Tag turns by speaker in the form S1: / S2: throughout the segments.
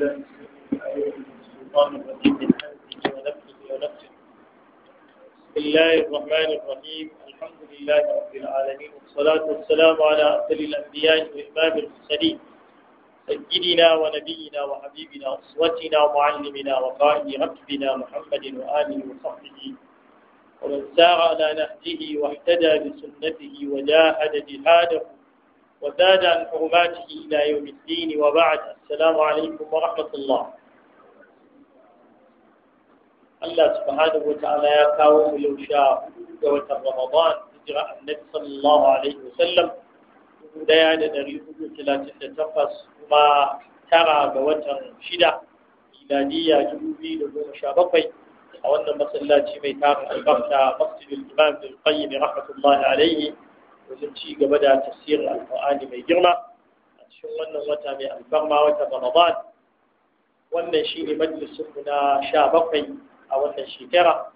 S1: الله الرحمن الرحيم الحمد لله رب العالمين والصلاة والسلام على أفضل الأنبياء وإمام المرسلين سيدنا ونبينا وحبيبنا أسوتنا ومعلمنا وقائد ربنا محمد وآله وصحبه ومن سار على نهجه واهتدى بسنته وجاهد جهاده وزاد عن حرماته إلى يوم الدين وبعد السلام عليكم ورحمة الله الله سبحانه وتعالى يقاوم لو شاء قوة رمضان إجراء النبي صلى الله عليه وسلم بداية نريد ثلاثة تقص ما ترى قوة شدة دي جنوبي لهم شابقي وأن أن مسلاتي ميتار البغتة مسجد الإمام ابن القيم رحمة الله عليه wajen ci gaba da tafsirin alƙur'ani mai girma a cikin wannan wata mai alfarma wata ramadan wannan shi ne majalisunmu na sha bakwai a wannan shekara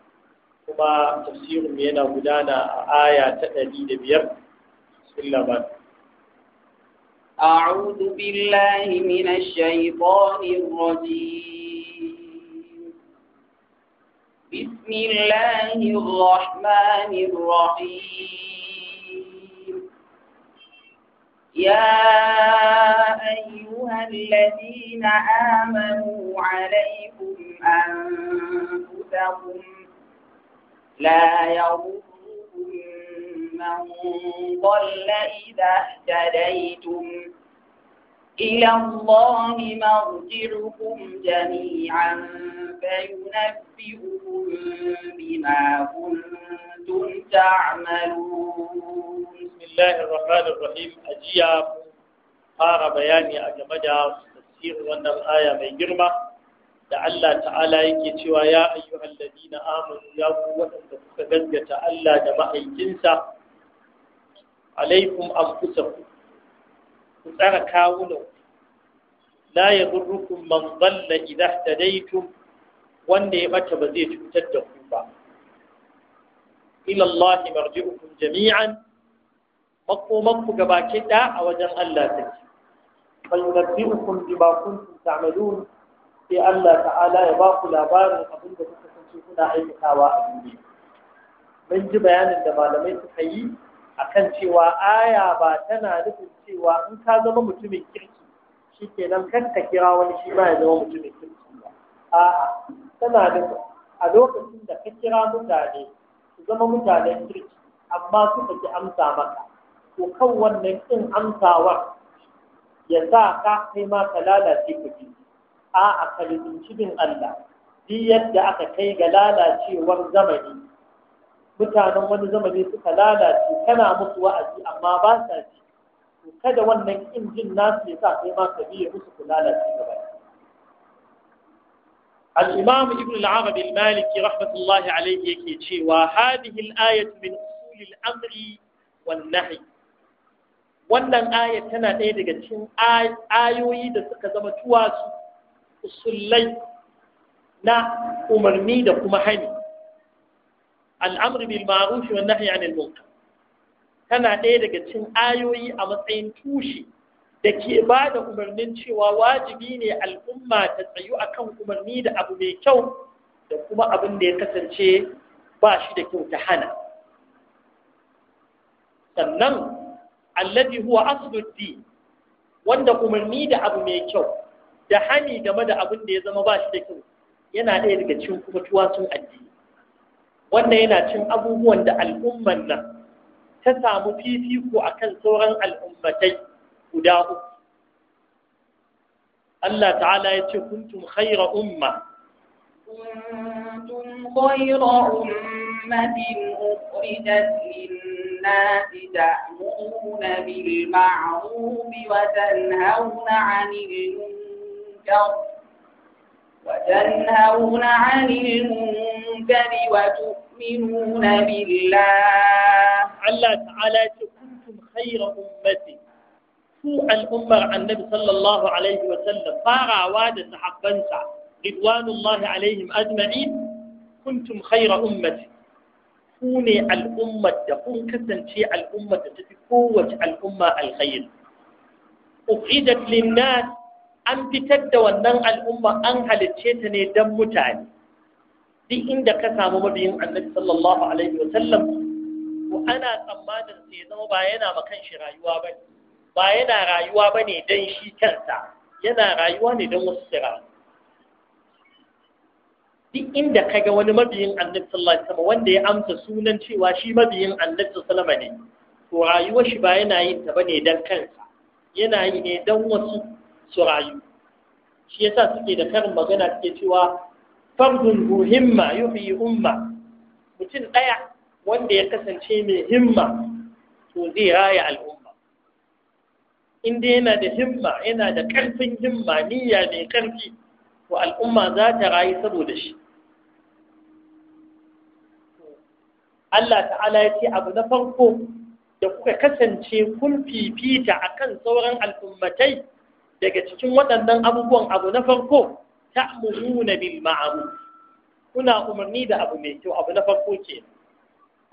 S1: kuma tafsirinmu yana gudana a aya ta ɗari da biyar bismillah
S2: أعوذ بالله من الشيطان الرجيم بسم الله الرحمن الرحيم
S1: يا
S2: أيها الذين آمنوا عليكم أنفسكم لا يضركم من ضل إذا اهتديتم إلى الله مرجعكم جميعا فينبئكم بما كنتم تعملون bismillahir
S1: rahmanir rahim ajiya fara bayani a game da tafsir wannan aya mai girma da Allah ta'ala yake cewa ya ayyuhal na Amadu ya ku waɗanda kuka gaskata Allah da ma'aikinsa alaikum anfusakum ku tsara kawunan la yadurrukum man dhalla idha ihtadaytum wanda ya mata ba zai cutar da ku ba ila Allah marji'ukum jami'an makomanku gabaki da a wajen Allah ta take fayunabbi'ukum bima kuntum ta'malun sai Allah ta'ala ya ba ku labarin abin da kuka kasance kuna aikatawa a duniya mun ji bayanin da malamai suka yi akan cewa aya ba tana nufin cewa in ka zama mutumin kirki shikenan kan ka kira
S2: wani shi ma ya zama mutumin kirki ba
S1: a'a tana nufin a lokacin da ka kira mutane su zama mutanen kirki amma suka ki amsa maka to kan wannan kin amsawa ya sa ka kai ma ka lalace kuɗi? ji a a bin Allah duk yadda aka kai ga lalacewar zamani mutanen wani zamani suka lalace kana musu wa'azi amma ba sa ji to kada wannan kin jin nasu ya sa kai ma ka biye musu ku lalace gaba الإمام ابن العربي المالكي رحمة الله عليه يكي وهذه الآية من أصول الأمر والنهي wannan ayat tana ɗaya daga cikin ayoyi da suka zama tuwasu usullai na umarni da kuma hani al'amri bil ma'ruf wa nahyi 'anil munkar tana ɗaya daga cikin ayoyi a matsayin tushe da ke ba da umarnin cewa wajibi ne al'umma ta tsayu akan umarni da abu mai kyau da kuma abin da ya kasance ba shi da kyau ta hana sannan alladhi huwa asluddin wanda umarni da abu mai kyau da hani game da abin da ya zama ba shi da kyau yana ɗaya daga cikin kuma tuwasun addini wannan yana cin abubuwan da al'umman nan ta samu fifiko akan sauran al'ummatai guda uku Allah ta'ala ya ce kuntum khaira umma
S2: kuntum khaira ummatin ukhrijat lin الناس تأمرون بالمعروف وتنهون عن المنكر وتنهون عن المنكر وتؤمنون بالله على تعالى كنتم
S1: خير أمتي سوء الأمة عن النبي صلى الله عليه وسلم فارع واد صحبنسا رضوان الله عليهم أجمعين كنتم خير أمتي ku ne al'ummar da kun kasance al'ummar da tafi kowace al'umma alkhairi uqidat linnas an fitar da wannan al'umma an halicce ta ne don mutane duk inda ka samu mabiyin annabi sallallahu alaihi wa ko ana tsammanin sai zama ba yana ma kan shi rayuwa ba ba yana rayuwa ba ne don shi kansa yana rayuwa ne dan wasu sira duk inda ka ga wani mabiyin annabi sallallahu alaihi wasallam wanda ya amsa sunan cewa shi mabiyin annabi sallallahu alaihi wasallam ne to rayuwar shi ba yana yin ta bane dan kansa yana yi ne dan wasu su rayu shi yasa suke da karin magana suke cewa fardun muhimma himma yuhyi umma mutum daya wanda ya kasance mai himma to zai raya al'umma inda yana da himma yana da karfin himma niyya mai karfi to al'umma za ta rayu saboda shi Allah ta'ala ya ce abu na farko da kuka kasance kun fifita akan sauran al'ummatai daga cikin waɗannan abubuwan abu na farko ta'muruna bil ma'ruf kuna umarni da abu mai kyau abu na farko ke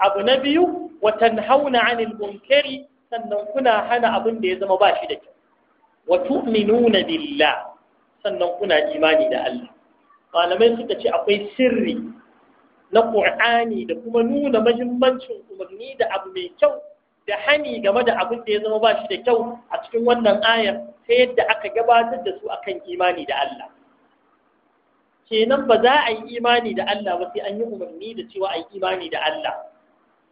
S1: abu na biyu wa tanhauna 'anil munkari sannan kuna hana abin da ya zama ba shi da kyau wa tu'minuna billah sannan kuna imani da Allah malamai suka ce akwai sirri na Qur'ani da kuma nuna mahimmancin umarni da abu mai kyau da hani game da abin da ya zama ba shi da kyau a cikin wannan ayar ta yadda aka gabatar da su akan imani da Allah kenan ba za a yi imani da Allah ba sai an yi umarni da cewa a yi imani da Allah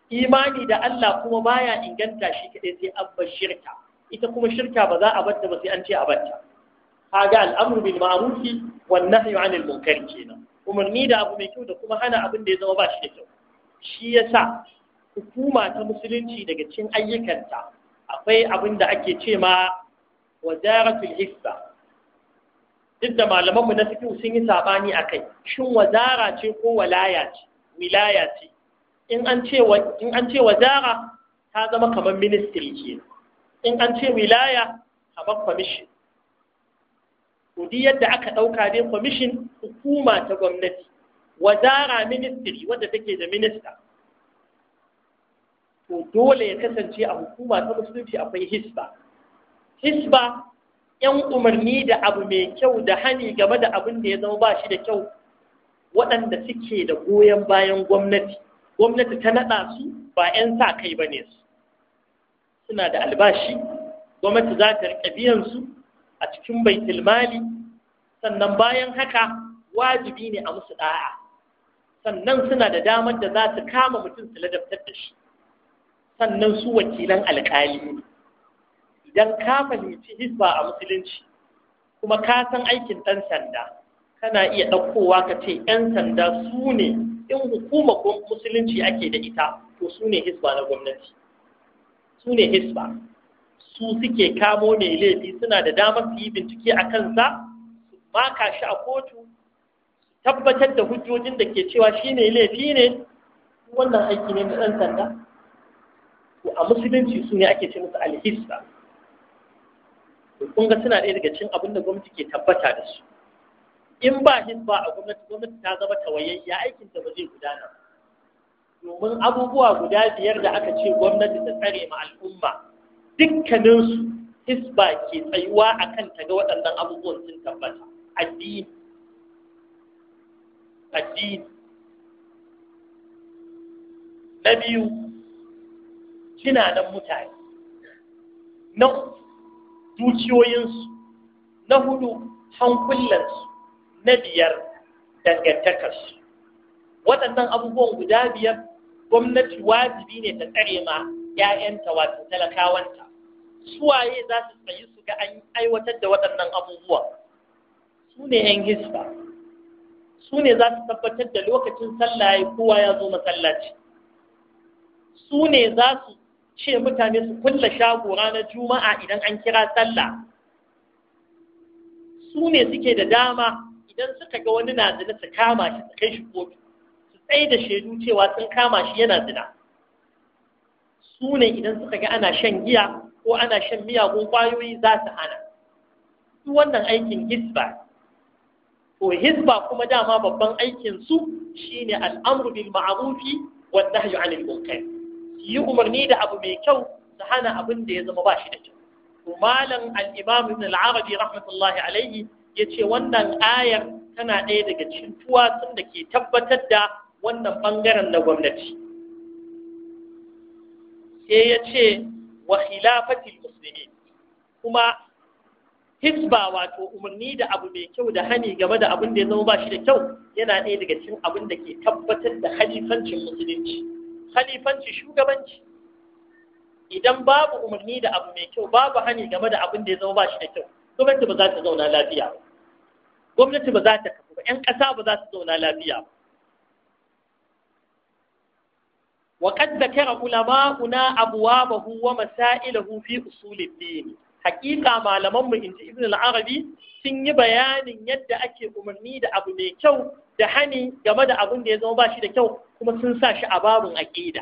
S1: imani da Allah kuma baya inganta shi kadai sai an bar shirka ita kuma shirka ba za a batta ba sai an ce a batta kaga al'amru bil wa wan nahyu 'anil munkar kenan umarni da abu mai kyau da kuma hana abin da ya zama ba shi da kyau shi ya sa hukuma ta musulunci daga cikin ayyukanta akwai abin da ake ce ma wazaratul hisba duk da malamanmu na fiqh sun yi sabani akai shin wazara ce ko walaya ce wilaya ce in an ce in an ce wazara ta zama kamar ministry ke in an ce wilaya kamar commission to yadda aka ɗauka dai kwamishin hukuma ta gwamnati wazara ministry wadda take da minista to dole ya kasance a hukuma ta musulunci akwai hisba hisba yan umarni da abu mai kyau da hani game da abin da ya zama ba shi da kyau waɗanda suke da goyon bayan gwamnati gwamnati ta naɗa su ba 'yan sa kai ba ne su suna da albashi gwamnati za ta riƙa biyan su a cikin baitul mali sannan bayan haka wajibi ne a musu da'a sannan suna da damar da za su kama mutum su ladabtar da shi sannan su wakilan alƙali ne idan ka fahimci hisba a musulunci kuma ka san aikin ɗan sanda kana iya ɗaukowa ka ce ‘yan sanda su ne in hukuma musulunci ake da ita to su ne hisba na gwamnati su ne hisba su suke kamo mai laifi suna da damar su yi bincike a kansa maka shi a kotu tabbatar da hujjojin da ke cewa shi ne laifi ne wannan aiki ne na ɗan sanda to a musulunci su ne ake ce musu alhissa kun ga suna ɗaya daga cikin abin da gwamnati ke tabbata da su in ba hisba a gwamnati gwamnati ta zama tawayayya da ba zai gudana domin abubuwa guda biyar da aka ce gwamnati ta tsare ma al'umma dukkaninsu hisba ke tsayuwa a kan ta ga waɗannan abubuwan sun tabbata addini addini na biyu jinanan mutane na dukiyoyinsu na hudu hankulansu na biyar dangantakarsu waɗannan abubuwan guda biyar gwamnati wajibi ne ta tsare ma 'ya'yanta wato talakawanta suwaye za su tsayi su ga an aiwatar da waɗannan abubuwa su ne 'yan hisba su ne za su tabbatar da lokacin sallah ya kowa ya zo masallaci su ne za su ce mutane su kulla shago ranar juma'a idan an kira sallah su ne suke da dama idan suka ga wani na zina su kama shi su kai shi kotu su tsaye da shaidu cewa sun kama shi yana zina su ne idan suka ga ana shan giya ko ana shan miyagun kwayoyi za su hana su wannan aikin hisba to hisba kuma dama babban aikin su shine al'amru bil ma'rufi wa nahyu 'anil munkar yi umarni da abu mai kyau su hana abin da ya zama ba shi da kyau to malam al-imam ibn al-arabi rahmatullahi alayhi yace wannan ayar tana ɗaya daga cikin tuwatsun da ke tabbatar da wannan bangaren na gwamnati sai ya ce wa khilafatil muslimin kuma hisba wato umarni da abu mai kyau da hani game da abin da ya zama ba shi da kyau yana ɗaya daga cikin abin da ke tabbatar da khalifancin musulunci khalifanci shugabanci idan babu umarni da abu mai kyau babu hani game da abin da ya zama ba shi da kyau gwamnati ba za ta zauna lafiya ba gwamnati ba za ta kafa ba 'yan ƙasa ba za su zauna lafiya ba وقد ذكر علماؤنا أبوابه ومسائله في أصول الدين حقيقة ما لمم إنت ابن العربي sun yi bayanin yadda ake umarni da abu mai kyau da hani game da abin da ya zama ba shi da kyau kuma sun sa shi a babun aƙida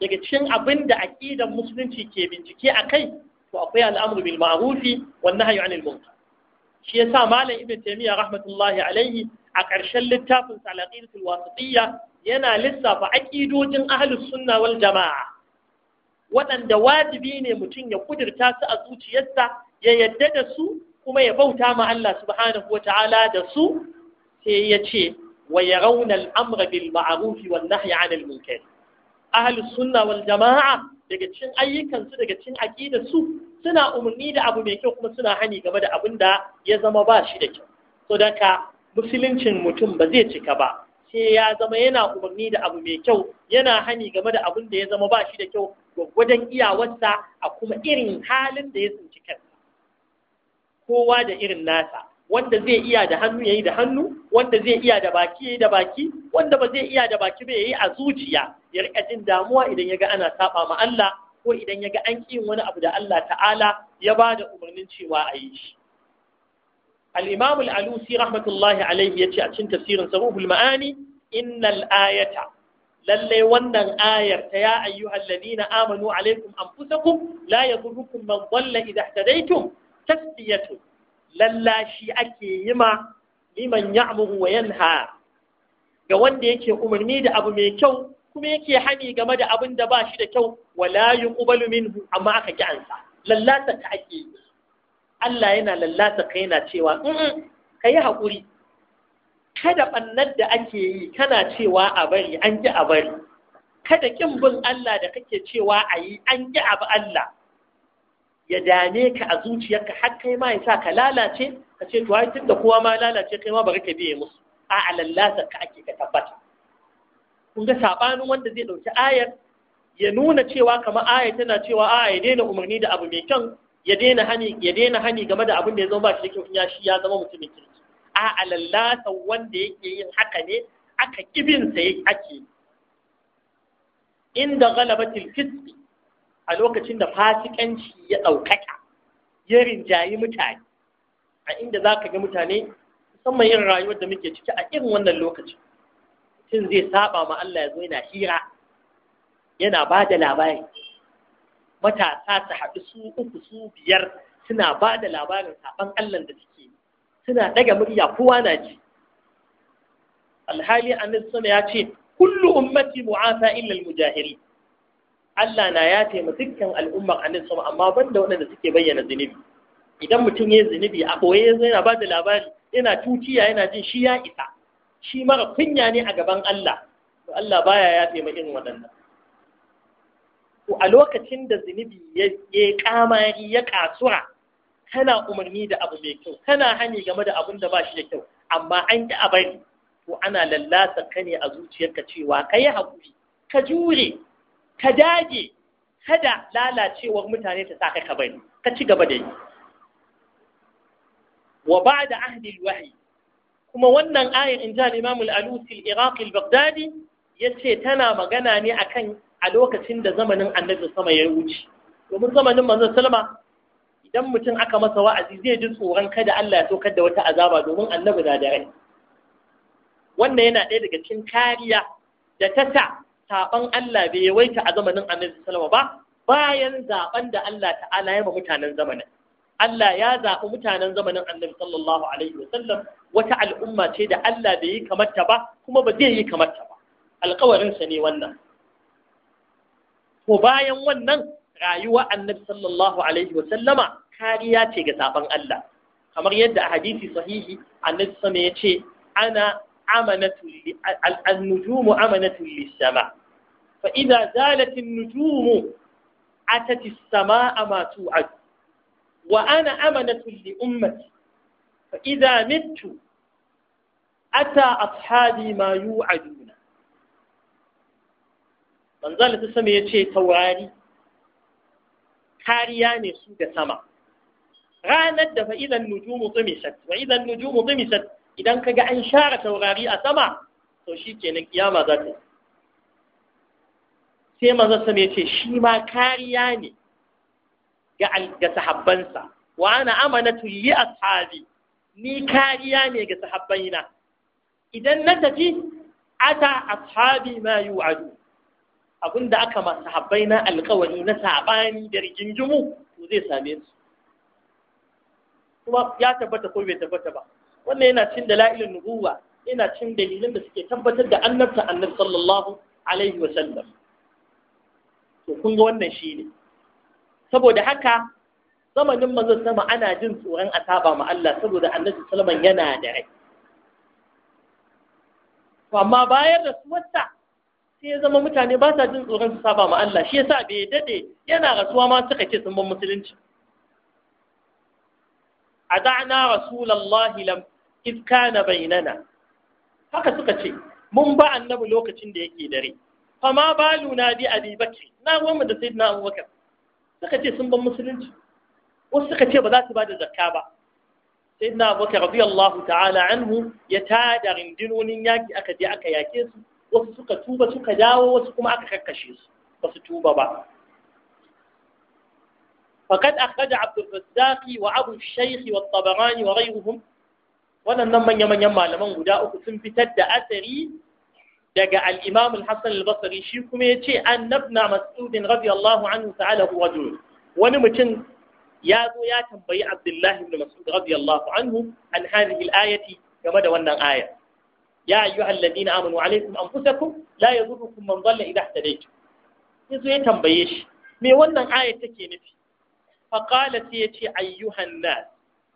S1: daga cikin abin da aƙidan musulunci ke bincike a kai to akwai al'amru bil ma'rufi wan nahyu anil munkar shi yasa malam ibn taymiya rahmatullahi alaihi a ƙarshen littafin sa al yana lissafa aƙidojin ahlus sunna wal jama'a waɗanda wajibi ne mutum ya kudirta su a zuciyarsa ya yadda da su kuma ya bauta ma Allah subhanahu wa ta'ala da su sai ya ce wa ya rauna al'amra bil ma'arufi wal nahyi 'anil munkar ahlus sunna wal jama'a daga cikin ayyukansu daga cikin aqidar su suna umarni da abu mai kyau kuma suna hani game da abin da ya zama ba shi da kyau so daga musuluncin mutum ba zai cika ba sai ya zama yana umarni da abu mai kyau yana hani game da abin da ya zama ba shi da kyau gwaggwadon iyawarsa a kuma irin halin da ya tsinci kansa kowa da irin nasa wanda zai iya da hannu yayi da hannu wanda zai iya da baki yayi da baki wanda ba zai iya da baki ba yayi a zuciya ya rika jin damuwa idan ya ga ana saba ma Allah ko idan yaga an ƙi wani abu da Allah ta'ala ya ba da umarnin cewa a yi shi al-imam al-alusi rahmatullahi ya ce a cikin tasirin sa ruhul ma'ani innal ayata lalle wannan ayar ta ya ayyuhal ladina amanu alaikum anfusakum la yadurrukum man dhalla idha ihtadaytum tasbiyatu lallashi ake yima liman ya'muru wa yanha ga wanda yake umarni da abu mai kyau kuma yake hani game da abun da ba shi da kyau wala yuqbalu minhu amma aka ki ansa lallata ta ake yi Allah yana lallata ka yana cewa ka yi haƙuri kada ɓannar da ake yi kana cewa a bari an ji a bari kada ƙin bin Allah da kake cewa a yi an ƙi abu Allah ya dame ka a zuciyarka har kai ma ya sa ka lalace ka ce to tun da kowa ma lalace kai ma bari ka biye musu a lallata ka ake ka tabbata kun ga sabanin wanda zai ɗauki ayar ya nuna cewa kamar aya tana cewa a ya daina umarni da abu mai kyau ya daina hani game da abin da ya zama ba shi da kyau ya shi ya zama mutumin kirki a alallata wanda yake yin haka ne aka kibin sa ake inda galabatil fisqi a lokacin da fasikanci ya ɗaukaka ya rinjayi mutane a inda za ka ga mutane musamman yin rayuwar da muke ciki a irin wannan lokacin mutum zai saba ma Allah ya zo yana hira yana ba da labari matasa su haɗu su uku su biyar suna ba da labarin saɓan Allah da suke suna ɗaga murya kowa na ji alhali annabi ya ce kullu ummati mu'afa illa al-mujahiri Allah na ya taima dukkan al'ummar a sama amma banda waɗanda suke bayyana zunubi idan mutum ya zunubi a koye yana ba da labari yana tuciya yana jin shi ya isa shi mara kunya ne a gaban Allah to Allah baya ya taima irin waɗannan a lokacin da zunubi ya kamari ya kasura kana umarni da abu mai kyau kana hani game da abun da ba shi da kyau amma an ki a bari to ana lallasa ka ne a zuciyarka cewa ka yi haƙuri ka jure ka dage kada lalacewar mutane ta sa ka bari ka ci gaba da yi wa da ahdil kuma wannan ayar in ji al-imam al-alusi al-iraqi al-baghdadi yace tana magana ne akan a lokacin da zamanin annabi sama ya wuce domin zamanin manzon salma idan mutum aka masa wa'azi zai ji tsoron kada Allah ya saukar da wata azaba domin annabi na da rai wannan yana ɗaya daga cikin kariya da ta sa saban Allah bai yawaita a zamanin annabi salama ba bayan zaben da Allah ta'ala ya ma mutanen zamanin Allah ya zaɓi mutanen zamanin annabi sallallahu alaihi wa sallam wata al'umma ce da Allah bai yi kamarta ba kuma ba zai yi kamarta ba alƙawarinsa ne wannan ko bayan wannan rayuwa annabi sallallahu alaihi wasallama kariya ce ga saban Allah kamar yadda a hadisi sahihi annabi sama ya ce ana amanatu an-nujumu amanatu lis-sama fa idza zalat an-nujumu atat as-samaa ma tu'ad wa ana amanatu li ummati fa idza mittu ata ashabi ma yu'adun manzon da sama ya ce taurari kariya ne su ga sama ranar da fa idan nujumu tumisat wa idan nujumu tumisat idan kaga an share taurari a sama to shikenan kiyama za ta yi sai manzon sama ya ce shi ma kariya ne ga ga sahabbansa wa ana amanatu yi ashabi ni kariya ne ga sahabbaina idan na tafi ata ashabi ma yu'adu da aka masu habai na alkawari na saɓani da rigingimu to zai same su kuma ya tabbata ko bai tabbata ba wannan yana cin da la'ilin nubuwa yana cin dalilin da suke tabbatar da annabta annab sallallahu alaihi wa sallam to kun ga wannan shi ne. saboda haka zamanin manzon sama ana jin tsoron a saba ma Allah saboda annabi salman yana da rai to amma su wata sai ya zama mutane ba sa jin tsoron su saba ma Allah shi yasa bai dade yana rasuwa ma suka ce sun ban musulunci ada'na rasulullahi lam iz kana bainana haka suka ce mun ba annabi lokacin da yake dare fama baluna bi abi bakri na gwamma da sayyidina abubakar suka ce sun ban musulunci wasu suka ce ba za su ba da zakka ba sayyidina abubakar radiyallahu ta'ala anhu ya tada rindinonin yaki aka je aka yake su wasu suka tuba suka dawo wasu kuma aka kakkashe su ba su tuba ba Abdul أخرج wa الرزاق وأبو wa والطبراني وغيرهم waɗannan manya-manyan malaman guda uku sun fitar da asari daga al'imam al-hassan al basri shi kuma ya ce an nabna anhu ta'ala huwa wani mutum ya zo ya tambayi abdullahi ibn masud rabi anhu an hadhihi al-ayati game da wannan ayar ya ayyuhal ladina amanu alaikum anfusakum la yadurukum man dhalla idha ihtadaytum yazo ya tambaye shi me wannan ayar take nufi fa qala yace ayyuhan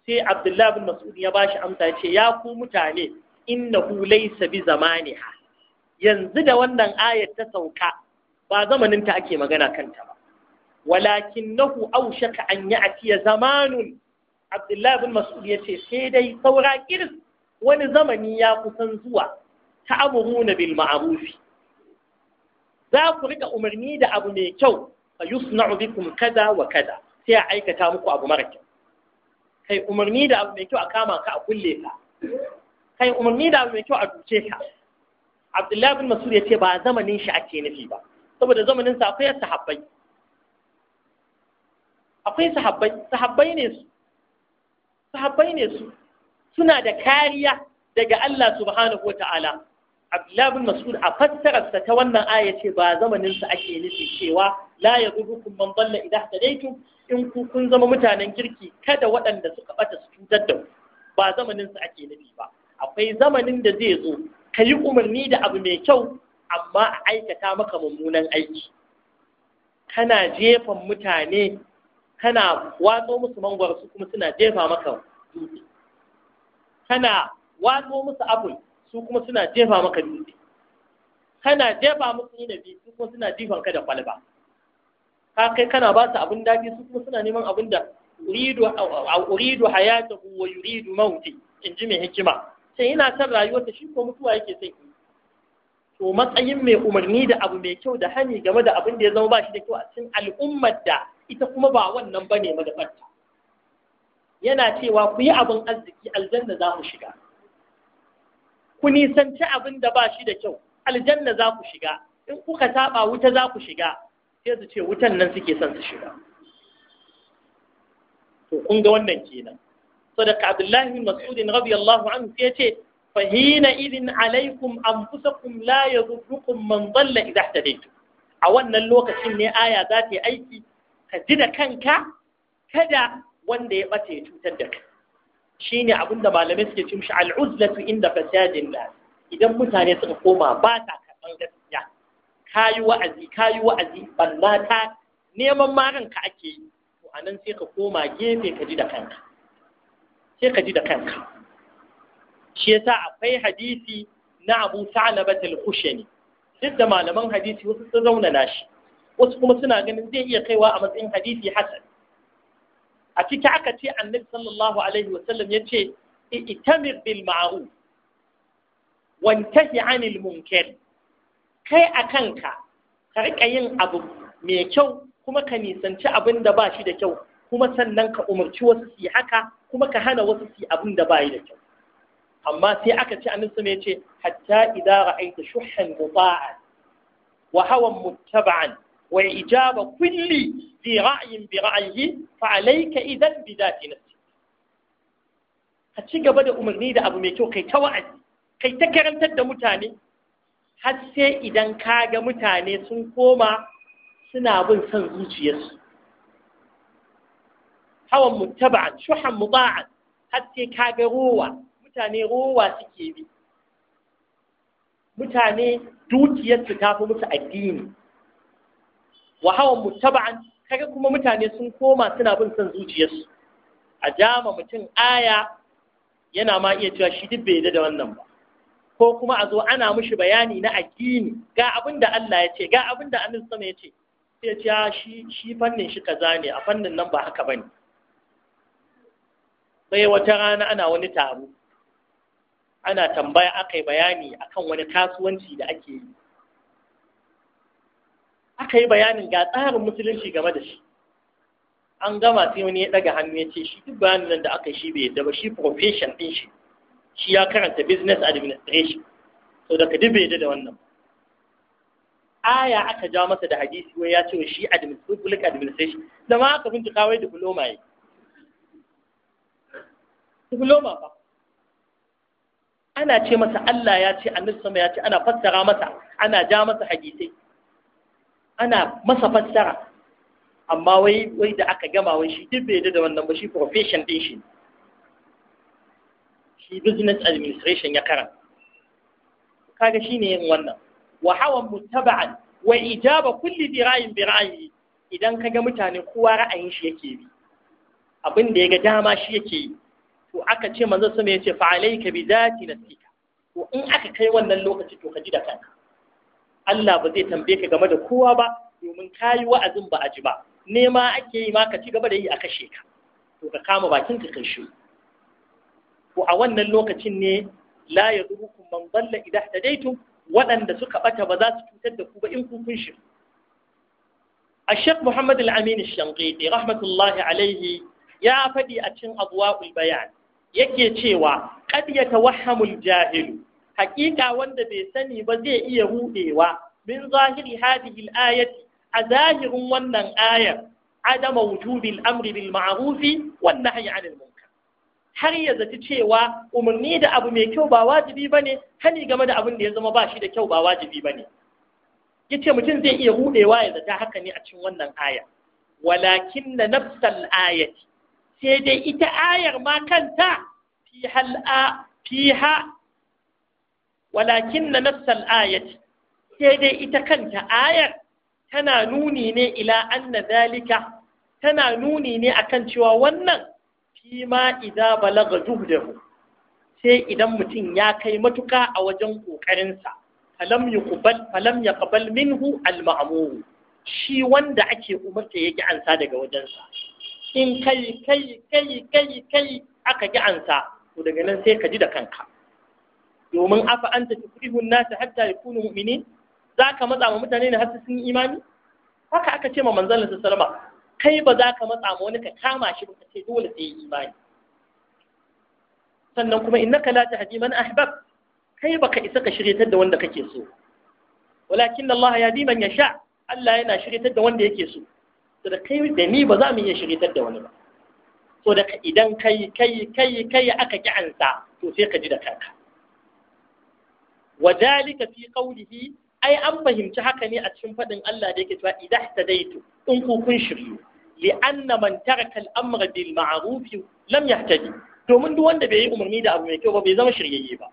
S1: sai abdullahi bin mas'ud ya bashi amsa yace ya ku mutane innahu laysa bi zamaniha yanzu da wannan ayar ta sauka ba zamanin ta ake magana kanta ba walakinnahu aushaka an ya'tiya zamanun abdullahi bin mas'ud ce sai dai saura kiris wani zamani ya kusan zuwa Huna bil ma'arufi za ku rika umarni da abu mai kyau a yusna'u bikum kada wa kada, sai a aikata muku abu mara kyau kai umarni da abu mai kyau a kama ka a kulle ka kai umarni da abu mai kyau a duce ka Abdullahi bin Masud ya ce ba zamanin shi ake nufi ba saboda zamanin sa akwai sahabbai akwai sahabbai sahabbai ne su sahabbai ne su suna da kariya daga Allah subhanahu wa ta'ala Abdullah bin Mas'ud a fassararsa ta wannan aya ce ba zamanin sa ake nufi cewa la yadurukum man dalla idha hadaytum in ku kun zama mutanen kirki kada waɗanda suka bata su cutar da ku ba zamanin sa ake nufi ba akwai zamanin da zai zo ka yi umarni da abu mai kyau amma a aikata maka mummunan aiki kana jefan mutane kana watsa musu mangwaro su kuma suna jefa maka kana wato musu abul su kuma suna jefa maka dutse kana jefa musu inabi su kuma suna jifan ka da kwalba ka kai kana ba su abin daɗi su kuma suna neman abin da uridu hayatahu wa yuridu mauti in ji mai hikima sai san son rayuwarta shi ko mutuwa yake son yi to matsayin mai umarni da abu mai kyau da hani game da abin da ya zama ba shi da kyau a cikin al'ummar da ita kuma ba wannan bane madafarta yana cewa ku yi abin arziki aljanna za ku shiga ku nisanci abin da ba shi da kyau aljanna za ku shiga in kuka saba wuta za ku shiga sai su ce wutan nan suke son su shiga to kun ga wannan kenan sadaka abdullahi bin mas'ud Allahu anhu sai ce fahina idin alaikum anfusakum la yadurrukum man dalla idha ihtadaytum a wannan lokacin ne aya za ta yi aiki ka ji da kanka kada wanda ya ɓata ya cutar da kai Shi ne abinda malamai suke cin shi al'uzlatu inda fasadin da idan mutane suka koma ba ta karɓar gaskiya kayi wa'azi kayi wa'azi balla ta neman maran ka ake yi to anan sai ka koma gefe ka ji da kanka sai ka ji da kanka shi yasa akwai hadisi na Abu Sa'labat al-Khushani duk da malaman hadisi wasu sun zauna nashi wasu kuma suna ganin zai iya kaiwa a matsayin hadisi hasan a ciki aka ce annabi sallallahu alaihi sallam ya ce itamir bil ma'ruf wantahi anil munkar kai a kanka ka rika yin abu mai kyau kuma ka nisanci abin da ba shi da kyau kuma sannan ka umarci wasu su haka kuma ka hana wasu su yi abin da ba yi da kyau amma sai aka ce annabi sallallahu ya ce hatta idza ra'aita shuhhan muta'an wa hawan muttaba'an wa ijaba kulli bi ra'yin bi ra'yi fa alayka idan bi dhati nafsi ci gaba da umarni da abu mai kyau kai ta wa'azi kai ta karantar da mutane har sai idan ka ga mutane sun koma suna bin son zuciyarsu hawan muttaba'an shuhan muba'an har sai ka ga rowa mutane rowa suke bi mutane dukiyarsu ta fi musu addini wa hawan muttaba'an kaga kuma mutane sun koma suna bin son zuciyarsu a jama mutum aya yana ma iya cewa shi duk bai da wannan ba ko kuma a zo ana mushi bayani na addini ga abin da Allah ya ce ga abin da Annabi sama ya ce sai ya ce ah, shi shi fannin shi kaza ne a fannin nan ba haka bane sai wata rana ana wani taro ana tambaya akai bayani akan wani kasuwanci da ake yi aka yi bayanin ga tsarin musulunci game da shi an gama sai wani ya daga hannu ya ce shi duk bayanin nan da aka shi bai yadda ba shi profession din shi shi ya karanta business administration so daga duk bai yadda da wannan aya aka ja masa da hadisi wai ya ce wa shi public administration da ma aka bincika wai diploma yi diploma ba ana ce masa Allah ya ce annabi sama ya ce ana fassara masa ana ja masa hadisai ana masa fassara amma wai wai da aka gama wai shi duk bai da wannan ba shi profession din shi shi business administration ya karanta kaga shine yin wannan wa hawan muttaba'an wa ijaba kulli bi birayi idan kaga mutane kowa ra'ayin shi yake bi abin da yaga dama shi yake yi to aka ce manzo sama yace fa alayka bi zati nafsika to in aka kai wannan lokaci to ka ji da kanka Allah ba zai tambaye ka game da kowa ba domin kayi wa'azin ba a ji ba nema ake yi ma ka ci gaba da yi a kashe ka to ka kama bakin ka kai shi ko a wannan lokacin ne la yadurukum man dalla idha hadaytum waɗanda suka bata ba za su cutar da ku ba in kun kunshi الشيخ محمد الأمين الشنقيطي رحمة الله عليه يا فدي أتشن أضواء البيان يكي تشيوا قد يتوهم jahilu. hakika wanda bai sani ba zai iya rudewa min zahiri hadhihi al-ayati a zahirin wannan ayar adama al amri bil ma'rufi wan nahyi 'anil munkar har ya zaci cewa umarni da abu mai kyau ba wajibi bane hani game da abin da ya zama ba shi da kyau ba wajibi bane yace mutum zai iya rudewa ya zata haka ne a cikin wannan aya walakin na nafsal ayati sai dai ita ayar ma kanta fi hal'a fiha walakin na nassal ayat sai dai ita kanta ayar tana nuni ne ila anna zalika tana nuni ne akan cewa wannan fi ma idza balaga juhdahu sai idan mutum ya kai matuka a wajen kokarinsa falam yuqbal falam yaqbal minhu al-ma'mur shi wanda ake umarta ya ansa daga wajensa in kai kai kai kai kai aka ki ansa to daga nan sai ka ji da kanka domin afa anta tukrihun nasa hatta yakunu za ka matsa ma mutane ne har sun imani haka aka ce ma manzon Allah sallama kai ba za ka matsa ma wani ka kama shi ba ka ce dole sai yi imani sannan kuma innaka la tahdi man ahbab kai ba ka isa ka shiryatar da wanda kake so walakin Allah ya bi man yasha Allah yana shiryatar da wanda yake so to da kai da ni ba za mu iya shiryatar da wani ba so da idan kai kai kai kai aka ki ansa to sai ka ji da kanka wa dalika fi qawlihi ai an fahimci haka ne a cikin fadin Allah da yake cewa idah tadaitu in ku kun shiryu li anna man taraka al-amra bil ma'ruf lam yahtadi domin duk wanda bai yi umarni da abu mai kyau ba bai zama shiryayye ba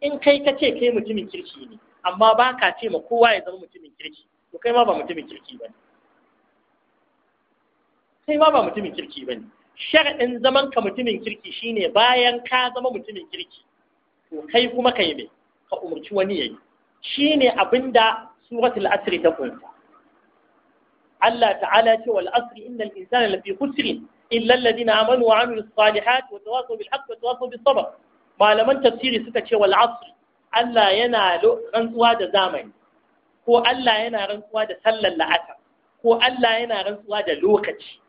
S1: in kai ka ce kai mutumin kirki ne amma ba ka ce ma kowa ya zama mutumin kirki to kai ma ba mutumin kirki ba ne kai ma ba mutumin kirki ba ne sharaɗin zaman ka mutumin kirki shine bayan ka zama mutumin kirki to kai kuma kai ne ka umarci wani yayi shine abinda suratul asr ta kunsa Allah ta'ala ce wal asr innal insana lafi khusr illa alladhina amanu wa amilus salihat wa tawassaw bil haqqi wa tawassaw bis sabr malaman tafsiri suka ce wal asr Allah yana rantsuwa da zamani ko Allah yana rantsuwa da sallar la'asar ko Allah yana rantsuwa da lokaci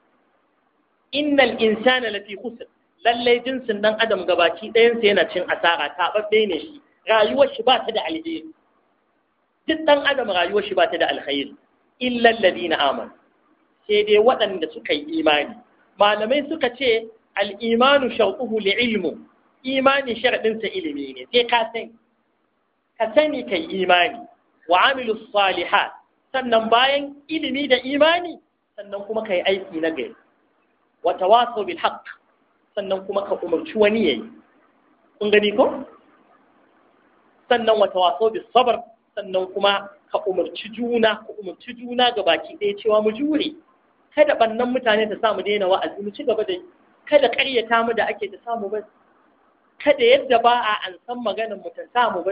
S1: innal insana lafi khusr lallai jinsin dan adam gabaki ɗayansa yana cin asara taɓaɓɓe ne shi rayuwar shi ba ta da alheri duk dan adam rayuwar shi ba ta da alheri illa alladhina amanu sai dai waɗanda suka yi imani malamai suka ce al-imanu shartuhu li'ilmu imani sharadinsa ilimi ne sai ka sani ka sani kai imani wa amilu salihat sannan bayan ilimi da imani sannan kuma kai aiki na gari wa tawasau bil haqq sannan kuma ka umarci wani ya yi. kun gani ko sannan wata waso bi sabar sannan kuma ka umarci juna ka umarci juna ga baki ɗaya cewa mu jure kada bannan mutane ta samu daina wa'azi mu ci gaba da kada ƙaryata mu da ake ta samu ba kada yadda ba a an san maganar mu ta samu ba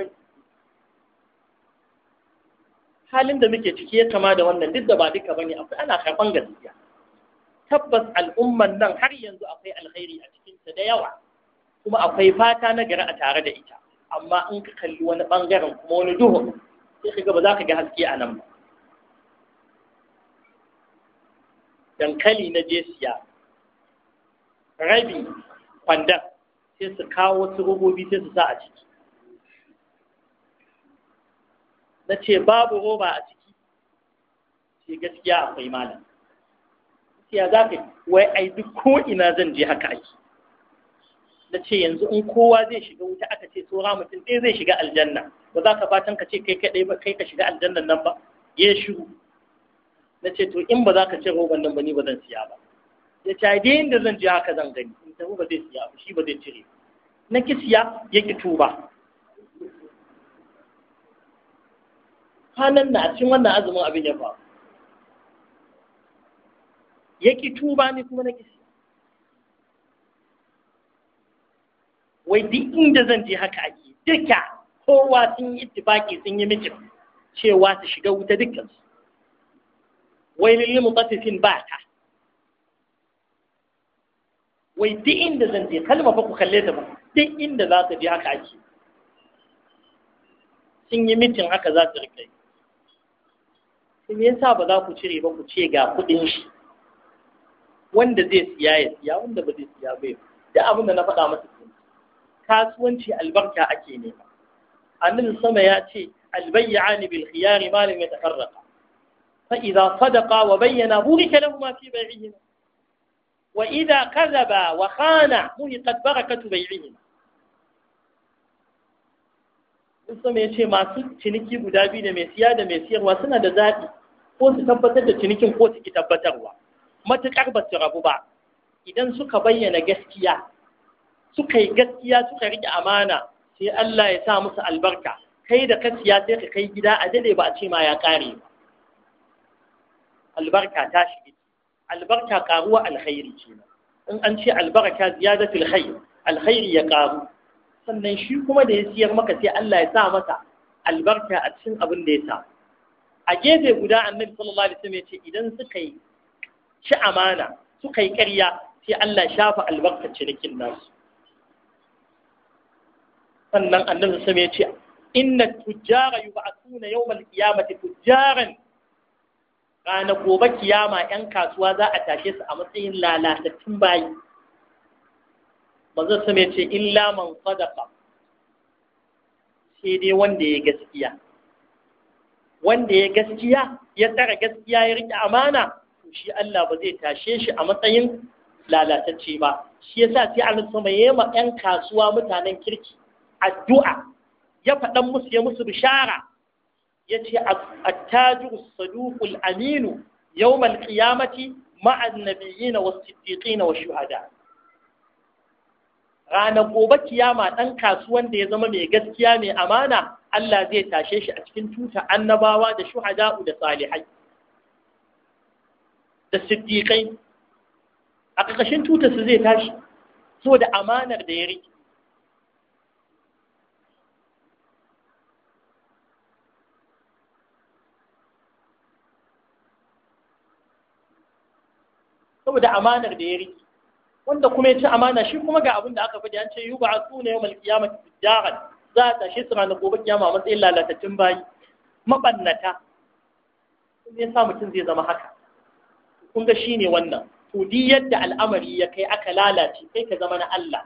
S1: halin da muke ciki ya kama da wannan duk da ba duka bane akwai ana karɓan gaskiya tabbas al'umman nan har yanzu akwai alkhairi a cikinta da yawa kuma akwai fata na gari a tare da ita amma in ka kalli wani bangaren kuma wani duhu sai ka gaba ba za ka ga haske a nan ba dankali na jesiya rabi kwandon sai su kawo wasu robobi sai su sa a ciki na ce babu roba a ciki sai gaskiya akwai malam ya za ka wai ai duk ko ina zan je haka ake da ce yanzu in kowa zai shiga wuta aka ce tsora mutum ɗaya zai shiga aljanna ba za ka fatan ka ce kai kaɗai ba kai ka shiga aljannan nan ba ya shiru na ce to in ba za ka ce roban nan ba ni ba zan siya ba ya ce dai inda zan je haka zan gani in tafi ba zai siya ba shi ba zai cire na ki siya ya ki tuba kwanan na cikin wannan azumin abin ya faru yake tuba ni kuma na ki wai duk inda zan je haka ake duka kowa sun yi ittifaki sun yi mijin cewa su shiga wuta dukkan su wai lil mutaffifin ba ta wai duk inda zan je kalma fa ku kalle ta ba duk inda za ta je haka ake sun yi mijin haka za su Sun yi yasa ba za ku cire ba ku ce ga kuɗin shi wanda zai siya ya siya wanda ba zai siya bai da abin da na faɗa masa kasuwanci albarka ake nema annabi sama ya ce albayyani bil khiyar ma lam yatafarraqa fa idza sadaqa wa bayyana burika ma fi bay'ihi wa idza kadhaba wa khana qad barakatu bay'ihi sama ya ce masu ciniki guda biyu da mai siya da mai siyarwa suna da zaɓi ko su tabbatar da cinikin ko su ki tabbatarwa matuƙar ba su rabu ba idan suka bayyana gaskiya suka yi gaskiya suka riƙe amana sai Allah ya sa musu albarka kai da kasiya sai ka kai gida a dade ba a ce ma ya ƙare ba albarka ta shige albarka karuwa alkhairi ce in an ce albarka ziyadatul khair alkhairi ya karu sannan shi kuma da ya siyar maka sai Allah ya sa masa albarka a cikin abin da ya sa a gefe guda annabi sallallahu alaihi wasallam ya ce idan suka yi ci amana suka yi ƙarya sai Allah shafa albarka cinikin nasu sannan annabi sama ya ce inna tujjara yi yau mal qiyamati tujjaran ranar gobe kiyama yan kasuwa za a tashe su a matsayin lalatattun bayi manzon sama ya ce illa man sadaqa sai dai wanda ya gaskiya wanda ya gaskiya ya tsara gaskiya ya riƙe amana shi Allah ba zai tashe shi a matsayin lalatacce ba shi yasa sai Allah sama yayi ma ƴan kasuwa mutanen kirki addu'a ya faɗan musu ya musu bishara yace at-tajiru saduqul aminu yawm al-qiyamati ma'a an-nabiyyin was-siddiqin shuhada ranar gobe kiyama ɗan kasuwan da ya zama mai gaskiya mai amana Allah zai tashe shi a cikin tuta annabawa da shuhada'u da salihai da siddiƙai a ƙarƙashin tutarsu zai tashi saboda amanar da ya riƙe saboda amanar da ya riƙe wanda kuma ya ci amana shi kuma ga abin da aka faɗi an ce yi ba a suna yau mai kiyama jaran za a tashi su ranar gobe kiyama a matsayin lalatattun bayi maɓannata me yasa mutum zai zama haka kun ga shi ne wannan to di yadda al'amari ya kai aka lalace kai ka zama na Allah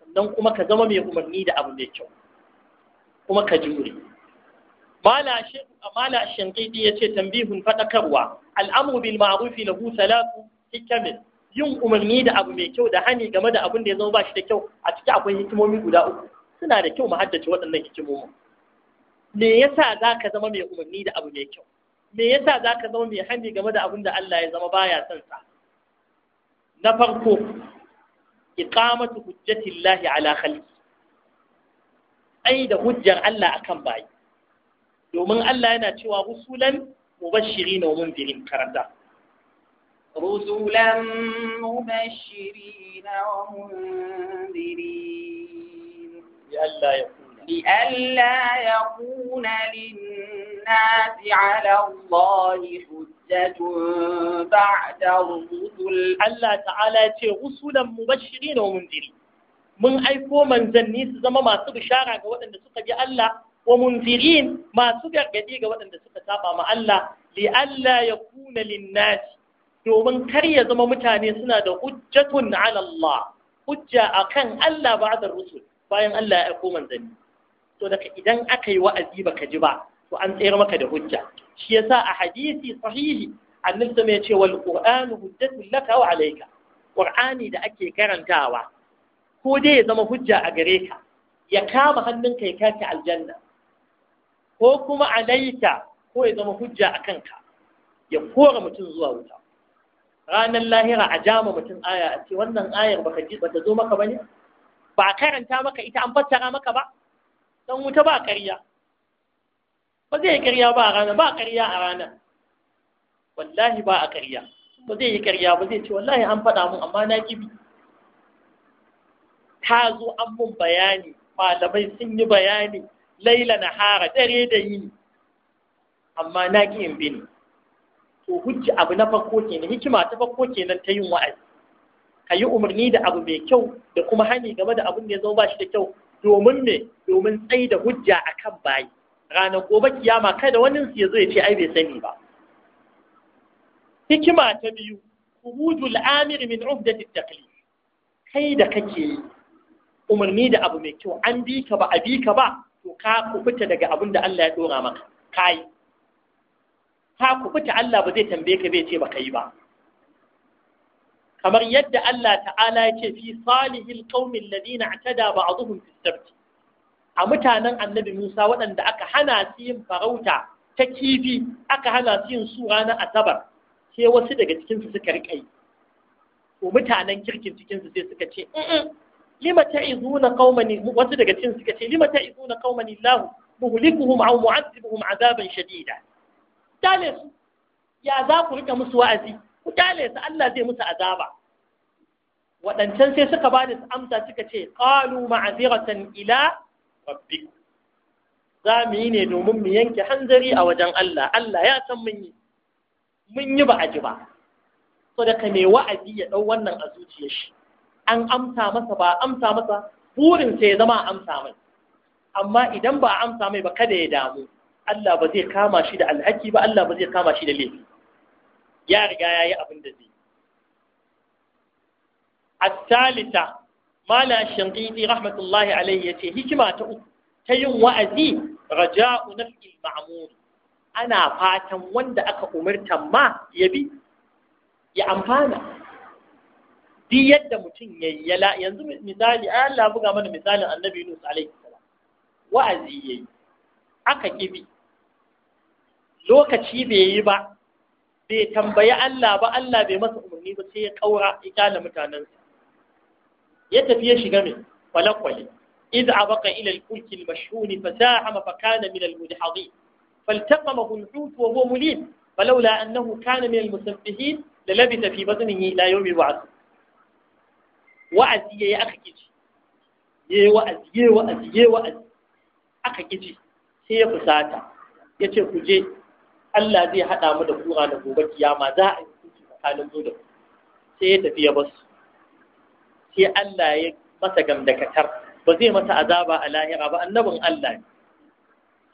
S1: sannan kuma ka zama mai umarni da abu mai kyau kuma ka jure mala shinqidi ya ce tambihun faɗakarwa, Al'amu bil ma'ruf lahu salatu hikamin yin umarni da abu mai kyau da hani game da abin da ya zama ba shi da kyau a ciki akwai hikimomi guda uku suna da kyau mu haddace waɗannan hikimomin me yasa za ka zama mai umarni da abu mai kyau me yasa zaka zama mai hani game da abin da Allah ya zama baya son sa na farko iqamatu hujjatillahi ala khalqi ai da hujjar Allah akan bayi domin Allah yana cewa rusulan mubashirin wa mundirin karanta
S2: rusulan mubashirin wa mundirin ya Allah ya لئلا يكون للناس على الله حجة بعد الرسل
S1: الله تعالى رسلا مبشرين ومنذرين mun aiko manzanni su zama masu bishara ga waɗanda suka bi Allah wa munzirin masu gargadi ga waɗanda suka saba ma Allah Li'alla ya kuna linnaci, domin kar ya zama mutane suna da hujjatun ala Allah hujja akan Allah ba'da rusul bayan Allah ya aiko manzanni to daga idan aka yi wa'azi baka ji ba to an tsayar maka da hujja shi sa a hadisi sahihi annabi sama ya ce wal qur'anu hujjatun laka wa alayka qur'ani da ake karantawa ko dai ya zama hujja a gare ka ya kama hannunka ya kace aljanna ko kuma alayka ko ya zama hujja a kanka ya kora mutum zuwa wuta ranar lahira a jama mutum aya a ce wannan ayar baka ji bata zo maka ne? ba karanta maka ita an fassara maka ba dan wuta ba ƙarya ba zai yi ƙarya ba a rana ba ƙarya a rana wallahi ba a ƙarya ba zai yi ƙarya ba zai ce wallahi an faɗa mun amma na kibi ta zo an mun bayani malamai sun yi bayani laila na hara dare da yini amma na ƙi in bini to hujji abu na farko kenan hikima ta farko kenan ta yin wa'azi ka yi umarni da abu mai kyau da kuma hani game da abin da ya zama ba shi da kyau domin me domin tsai da hujja akan bayi ranar gobe kiyama kada wani ya zo ya ce ai bai sani ba hikima ta biyu kubudul amir min ubdati taklif kai da kake yi umarni da abu mai kyau an bi ka ba a bi ka ba to ka fita daga abin da Allah ya dora maka kai ka fita Allah ba zai tambaye ka bai ce ba kai ba kamar yadda Allah ta'ala ya ce fi salihil qaumin ladina atada ba'dhum fi sabt a mutanen annabi Musa waɗanda aka hana su yin farauta ta kifi aka hana su yin su ranar asabar sai wasu daga cikin su suka rika Ko mutanen kirkin cikin su sai suka ce lima ta'izuna qaumani wasu daga cikin suka ce lima ta'izuna qaumani Allah muhlikuhum aw mu'adzibuhum azaban shadida dale su ya za ku rika musu wa'azi ku kyale Allah zai musu azaba waɗancan sai suka ba da amsa suka ce ƙalu ma'aziratan ila rabbi za mu yi ne domin mu yanke hanzari a wajen Allah Allah ya san mun yi mun yi ba a ji ba so da ka mai wa'azi ya ɗau wannan a zuciyar shi an amsa masa ba amsa masa burin sai ya zama amsa mai amma idan ba amsa mai ba kada ya damu Allah ba zai kama shi da alhaki ba Allah ba zai kama shi da laifi ya riga ya yi abin da zai الثالثة ما لا Rahmatullahi رحمة ya ce, hikima ta uku, ta yin wa'azi Raja'u المعمول أنا Ana fatan wanda aka ما ma ya bi, ya amfana Di yadda mutum ya yi yanzu misali a Allah buga mana misalin annabi Yunus alaihi salam wa'azi ya yayi aka kibi lokaci bai yi ba bai tambayi Allah ba Allah bai masa umarni ba sai ya ƙaura ya kyale mutanensa ya tafi ya shiga mai kwale-kwale idan abaka ilal kulkin mashuni fa sa hama fa kana min almudi hadi faltaba mahulhut wa huwa mulid falawla annahu kana min almusaffihin la labita fi batnihi la yawmi ba'd wa'azi yayi aka kici yayi wa'azi yayi wa'azi wa'azi aka kici sai ya fusata yace ku je Allah zai haɗa mu da kura da gobe kiyama za a yi kici tsakanin zo sai ya tafi ya basu sai Allah ya masa gamdakatar ba zai masa azaba a lahira ba annabin Allah ne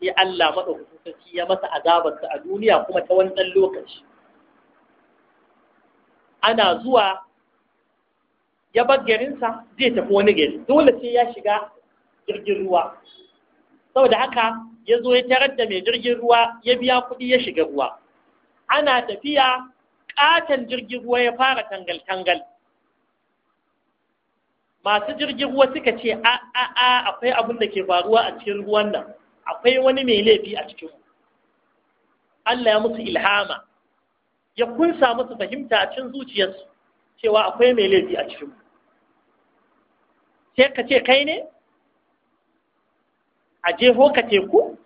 S1: sai Allah madaukakin ya masa azabarsa a duniya kuma ta wani dan lokaci ana zuwa ya bar garinsa zai tafi wani gari dole sai ya shiga jirgin ruwa saboda haka ya zo ya tarar da mai jirgin ruwa ya biya kuɗi ya shiga ruwa ana tafiya ƙaton jirgin ruwa ya fara tangal-tangal masu jirgin ruwa suka ce a a a akwai abin da ke faruwa a cikin ruwan nan akwai wani mai laifi a cikin Allah ya musu ilhama ya kunsa musu fahimta a cikin zuciyarsu cewa akwai mai laifi a cikin sai ka ce kai ne a jeho ka teku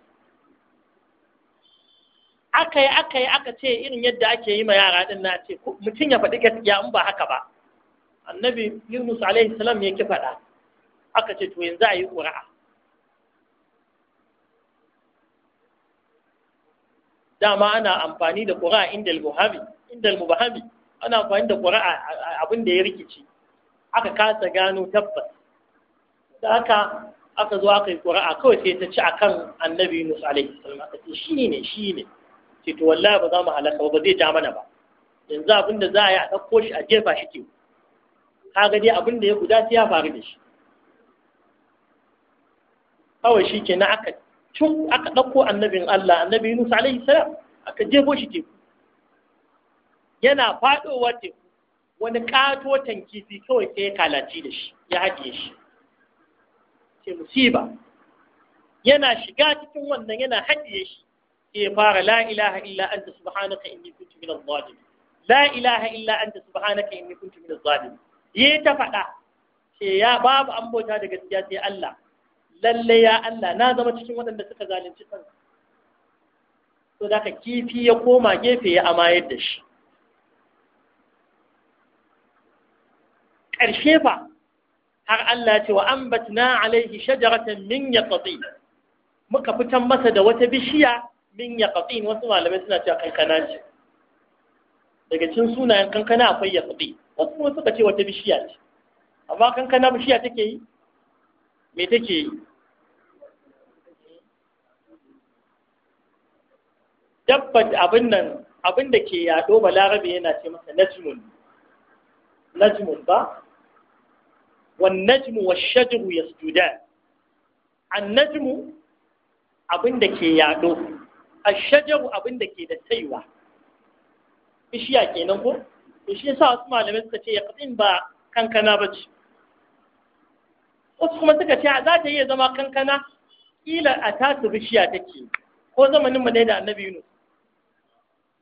S1: aka yi aka yi aka ce irin yadda ake yi ma yara din na ce mutum ya faɗi gaskiya in ba haka ba annabi yunus alaihi salam yake faɗa aka ce to yanzu a yi ƙura'a dama ana amfani da ƙura'a inda al-muhami inda al-mubahami ana amfani da ƙura'a abin da ya rikici aka kasa gano tabbas da haka aka zo aka yi ƙura'a kawai sai ta ci akan annabi yunus alaihi salam aka ce shi ne shi ne ce to wallahi ba za mu halaka ba ba zai ja mana ba yanzu abin da za a yi a ɗauko shi a jefa shi ke. kaga dai abin da ya guda ya faru da shi kawai shi ke na aka cin aka ɗauko annabin Allah annabi Yunus alaihi salam aka jefo shi teku yana faɗowa teku wani ƙatoton kifi kawai sai ya kalaci da shi ya haɗiye shi ce musiba yana shiga cikin wannan yana haɗiye shi sai fara la ilaha illa anta subhanaka inni kuntu minaz zalimin la ilaha illa anta subhanaka inni kuntu minaz zalimin yi ta faɗa ce ya babu an bauta da gaskiya sai Allah lalle ya Allah na zama cikin waɗanda suka zalunci kansu to da ka kifi ya koma gefe ya amayar da shi Karshe fa har Allah ce wa ambatna alaihi shajaratan min yaqtin muka fitan masa da wata bishiya min yaqtin wasu malamai suna cewa kankana ce daga cikin sunayen kankana akwai yaqtin wasu kuma suka ce wata bishiya ce amma kankana bishiya take yi me take yi dabbat abin nan abin da ke yaɗo balarabe yana ce masa najmun najmun ba wan najmu wa shajru yasjudan an najmu abin da ke yaɗo ash-shajaru abin da ke da taiwa bishiya kenan ko to shi yasa wasu malamai suka ce yaqin ba kankana ba ce wasu kuma suka ce za ta iya zama kankana kila a tasu bishiya take ko zamanin mu da annabi Yunus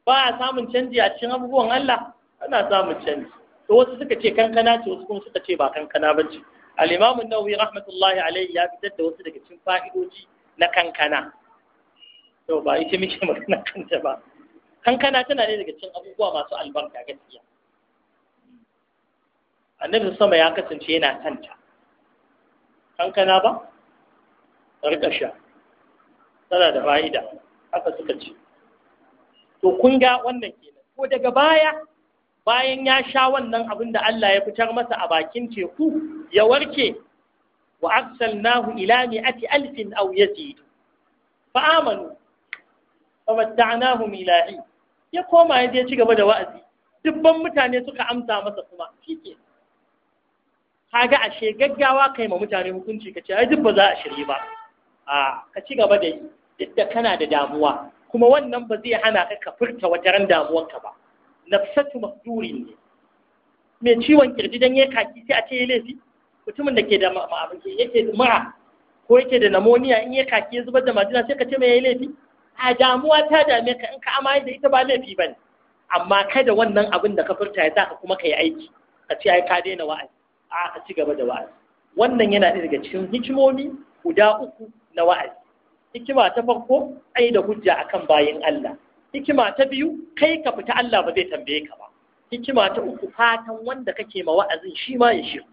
S1: ba a samun canji a cikin abubuwan Allah ana samun canji to wasu suka ce kankana ce wasu kuma suka ce ba kankana ba ce al-imam nawawi rahmatullahi alayhi ya fitar da wasu daga cikin fa'idoji na kankana to ba ita muke magana kanta ba kankana tana ne daga cikin abubuwa masu albarka gaskiya annabin sama ya kasance yana santa kankana ba ƙarƙasha sha tana da fa'ida haka suka ce to kun ga wannan kenan ko daga baya bayan ya sha wannan abin da Allah ya fitar masa a bakin teku ya warke wa arsalnahu ila mi'ati alfin aw yazid fa amanu fa matta'nahum ila ya koma ya je ci gaba da wa'azi dubban mutane suka amsa masa kuma shikenan kaga ashe gaggawa kai ma mutane hukunci ka ai duk ba za a shiri ba a ka ci gaba da yi duk da kana da damuwa kuma wannan ba zai hana ka ka furta wata ran ka ba nafsatu mahduri ne Me ciwon kirji dan yake kaki sai a ce yayi laifi mutumin da ke da ke yake mura ko yake da namoniya in yake kaki ya zubar da majina sai ka ce mai yayi laifi a damuwa ta dame ka in ka amai da ita ba laifi bane amma kada wannan abin da ka furta ya sa ka kuma ka yi aiki ka ce ai ka daina wa'azi a ci gaba da wa'azi wannan yana ɗaya daga cikin hikimomi guda uku na wa'azi hikima ta farko ai da hujja akan bayan Allah hikima ta biyu kai ka fita Allah ba zai tambaye ka ba hikima ta uku fatan wanda kake ma wa'azin shi ma ya shirya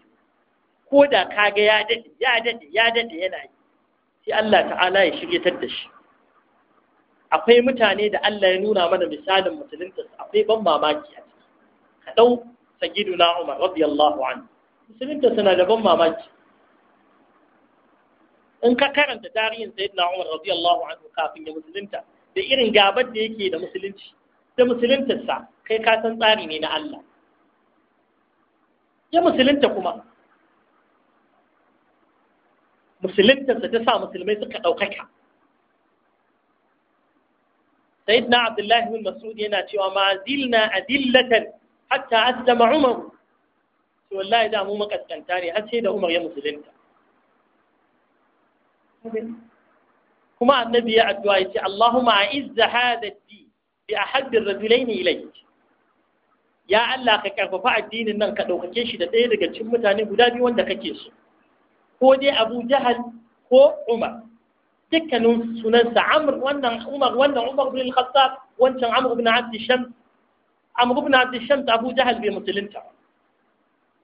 S1: ko da ka ga ya dade ya dade ya dade yana yi sai Allah ta'ala ya shiryatar da shi akwai mutane da Allah ya nuna mana misalin musulunta akwai ban mamaki a ciki ka Sagidu na Umar radiyallahu anhu musulunta suna da ban mamaki in ka karanta tarihin sayyidina Umar radiyallahu anhu kafin ya musulunta da irin gabar da yake da musulunci da musuluntarsa kai ka san tsari ne na Allah ya musulunta kuma musuluntarsa ta sa musulmai suka ɗaukaka sayyidina Abdullahi bin Mas'ud yana cewa ma zilna adillatan hatta aslama Umar to wallahi da mu makaskanta ne har sai da Umar ya musulunta kuma annabi ya addu'a yace Allahumma a'izza hadha ad-din bi ahaddi ar-rajulayn ilayk ya Allah ka karfafa addinin nan ka daukake shi da ɗaya daga cikin mutane guda biyu wanda kake so ko dai Abu Jahal ko Umar dukkanin sunansa Amr wannan Umar wannan Umar bin al Khattab wancan Amr bin Abd Shams Amr bin Abd Shams Abu Jahal bai musulunta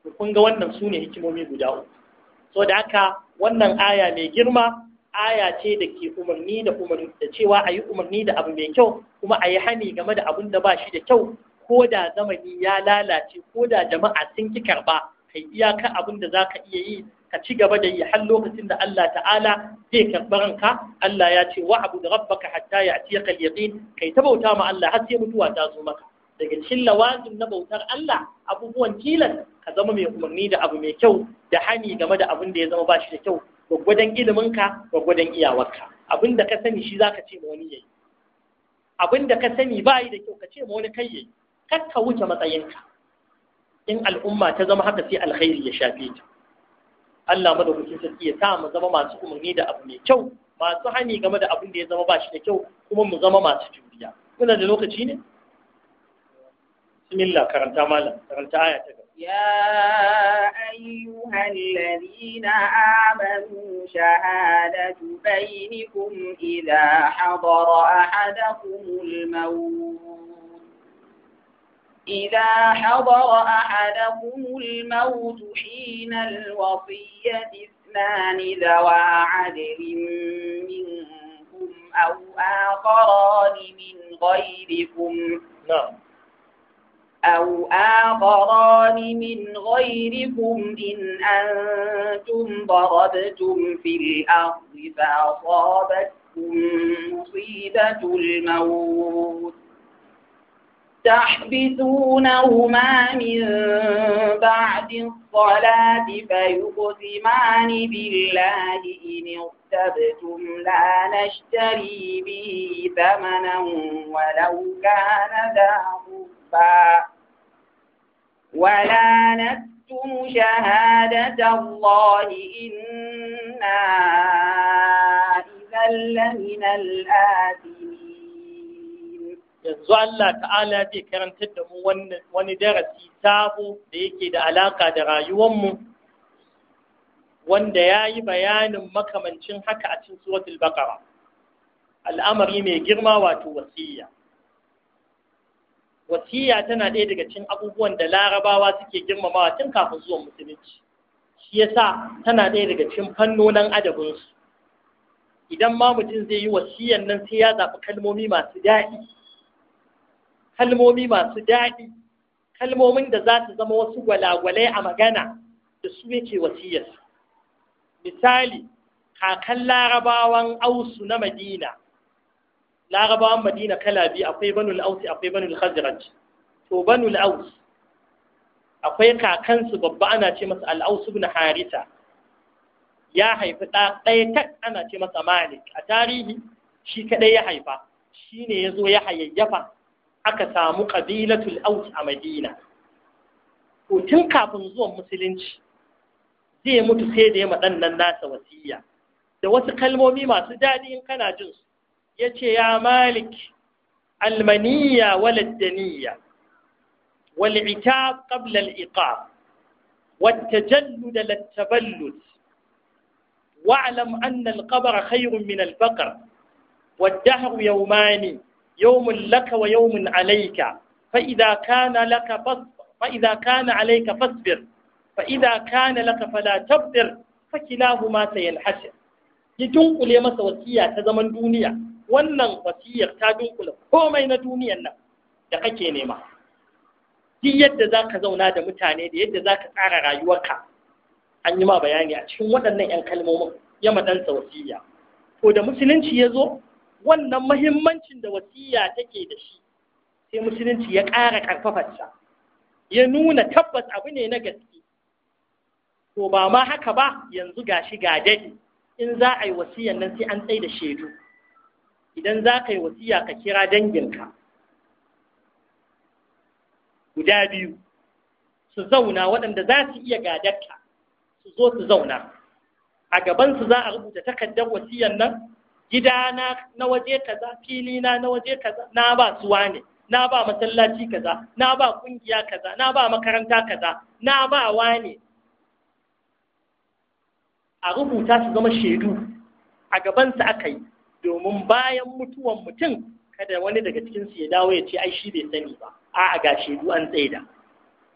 S1: to kun ga wannan su ne hikimomi guda uku so da haka wannan aya mai girma aya ce da ke umarni da umarni da cewa a yi umarni da abu mai kyau kuma a yi hani game da abun da ba shi da kyau ko da zamani ya lalace ko da jama'a sun ki karba kai iyaka abin da za ka iya yi ka ci gaba da yi har lokacin da Allah ta'ala zai karɓi ranka Allah ya ce abu da rabbaka hatta ya'tiyaka al-yaqin kai ta bauta ma Allah har sai mutuwa ta zo maka daga cikin lawazin na bautar Allah abubuwan tilas ka zama mai umarni da abu mai kyau da hani game da abin da ya zama bashi da kyau gwaggwadon iliminka gwaggwadon iyawarka abin da ka sani shi zaka ce ma wani yayi abin da ka sani bayi da kyau ka ce ma wani kai yayi kar ka wuce matsayinka in al'umma ta zama haka sai alkhairi ya shafe ta Allah madaukakin sarki ya sa mu zama masu umarni da abu mai kyau masu hani game da abin da ya zama bashi da kyau kuma mu zama masu juriya kuna da lokaci ne بسم الله كرنت مالا كرنت آية
S2: يا أيها الذين آمنوا شهادة بينكم إذا حضر أحدكم الموت إذا حضر أحدكم الموت حين الوصية اثنان ذوى عدل منكم أو آخران من غيركم نعم أو آخران من غيركم إن أنتم ضربتم في الأرض فأصابتكم مصيبة الموت تحبسونهما من بعد الصلاة فيقسمان بالله إن ارتبتم لا نشتري به ثمنا ولو كان ذا صفا ولا نكتم شهادة الله إنا إذا لمن الآثمين
S1: yanzu Allah ta'ala zai karantar da mu wani darasi sabo da yake da alaƙa da rayuwar mu. wanda ya yi bayanin makamancin haka a cikin suratul baqara al'amari mai girma wato wasiyya wasiya tana ɗaya daga cikin abubuwan da larabawa suke girmamawa tun kafin zuwan musulunci shi yasa tana ɗaya daga cikin fannonin adabinsu idan ma mutum zai yi wasiyan nan sai ya zaɓi kalmomi masu daɗi kalmomi masu daɗi kalmomin da za su zama wasu gwalagwalai a magana da su yake wasiyarsa misali kakan larabawan ausu na madina larabawan madina kala biyu akwai banul ausi akwai banul khazraj to banul aus akwai kakansu babba ana ce masa al-aus ibn harisa ya haifi ɗa ɗaya tak ana ce masa malik a tarihi shi kaɗai ya haifa shine ya zo ya hayayyafa aka samu ƙabilatul aus a madina to tun kafin zuwan musulunci zai mutu sai da ya maɗannan nasa wasiya da wasu kalmomi masu daɗi in kana jin su yace ya malik almaniya waladdaniya wal'ita ƙablal iƙa wata jalluda lattaballus wa'alam annal ƙabara khairun min albaƙar wadda haru yau mani laka wa yawmin alaika fa’iza kana alaika fasbir laka fala tabbir fa sayan hashe ya dunkule masa wasiya ta zaman duniya wannan wasiyar ta dunkula komai na duniyan nan da kake nema duk yadda za ka zauna da mutane da yadda za ka tsara rayuwarka an yi ma bayani a cikin waɗannan 'yan kalmomin ya maɗansa wasiya ko da musulunci ya zo wannan mahimmancin da wasiya take da shi sai musulunci ya ƙara ƙarfafarsa ya nuna tabbas abu ne na gaske Ko ba ma haka ba yanzu gashi ga dadi in za a yi wasiyan nan sai an tsaye da shaidu idan za ka yi wasiya ka kira danginka guda biyu su zauna waɗanda za su iya gadarta su zo su zauna a gabansu za a rubuta takardar wasiyan nan Gida na waje kaza filina na waje kaza na ba suwa ne na ba masallaci kaza na ba kungiya kaza na ba makaranta kaza na ba wane a rubuta su zama shaidu a gabansu aka yi domin bayan mutuwan mutum kada wani daga cikinsu ya dawo ya ce ai shi bai sani ba a'a ga shaidu an tsaida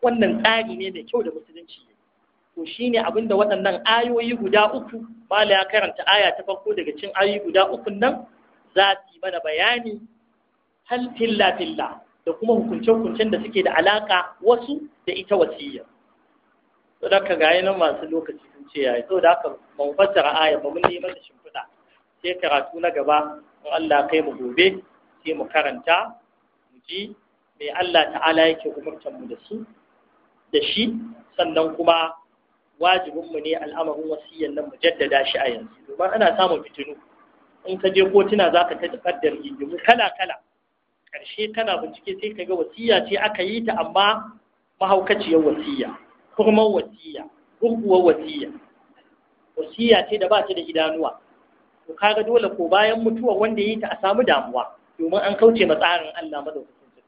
S1: wannan tsari ne mai kyau da musulunci ne to shine abin da waɗannan ayoyi guda uku mala ya karanta aya ta farko daga cikin ayoyi guda uku nan za su yi mana bayani hal filla filla da kuma hukunce-hukuncen da suke da alaka wasu da ita wasiyya to da ka ga nan masu lokaci sun ce yayi to da haka mun fassara aya ba mun neman da shi sai karatu na gaba in Allah kai mu gobe sai mu karanta mu ji mai Allah ta'ala yake umartar mu da su da shi sannan kuma wajibin mu ne al'amarin wasiyyan nan mu jaddada shi a yanzu domin ana samun fitinu in ka je kotuna zaka ta takaddar gingimu kala kala karshe kana bincike sai ka ga wasiya ce aka yi ta amma mahaukaciyar wasiya kurman wasiya gurguwar wasiya wasiya ce da ba ta da idanuwa to kaga dole ko bayan mutuwa wanda yi ta a samu damuwa domin an kauce ma tsarin Allah madaukakin sarki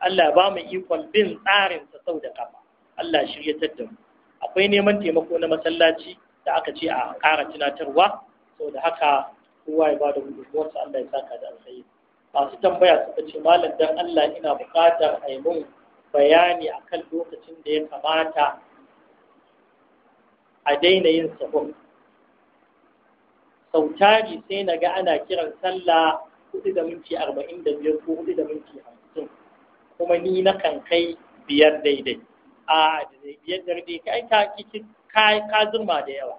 S1: Allah ba mu ikon bin tsarin sa sau da kafa Allah shiryatar da mu akwai neman taimako na masallaci da aka ce a ƙara tunatarwa da haka kowa ya bada sa Allah ya saka da alkhairi masu tambaya suka ce malam dan Allah ina buƙatar a yi mun bayani akan lokacin da ya kamata a daina yin sahur sautari sai na ga ana kiran sallah hudu da minti arba'in da biyar ko hudu da minti hamsin kuma ni na kan kai biyar daidai a biyar daidai kai ka kici ka zurma da yawa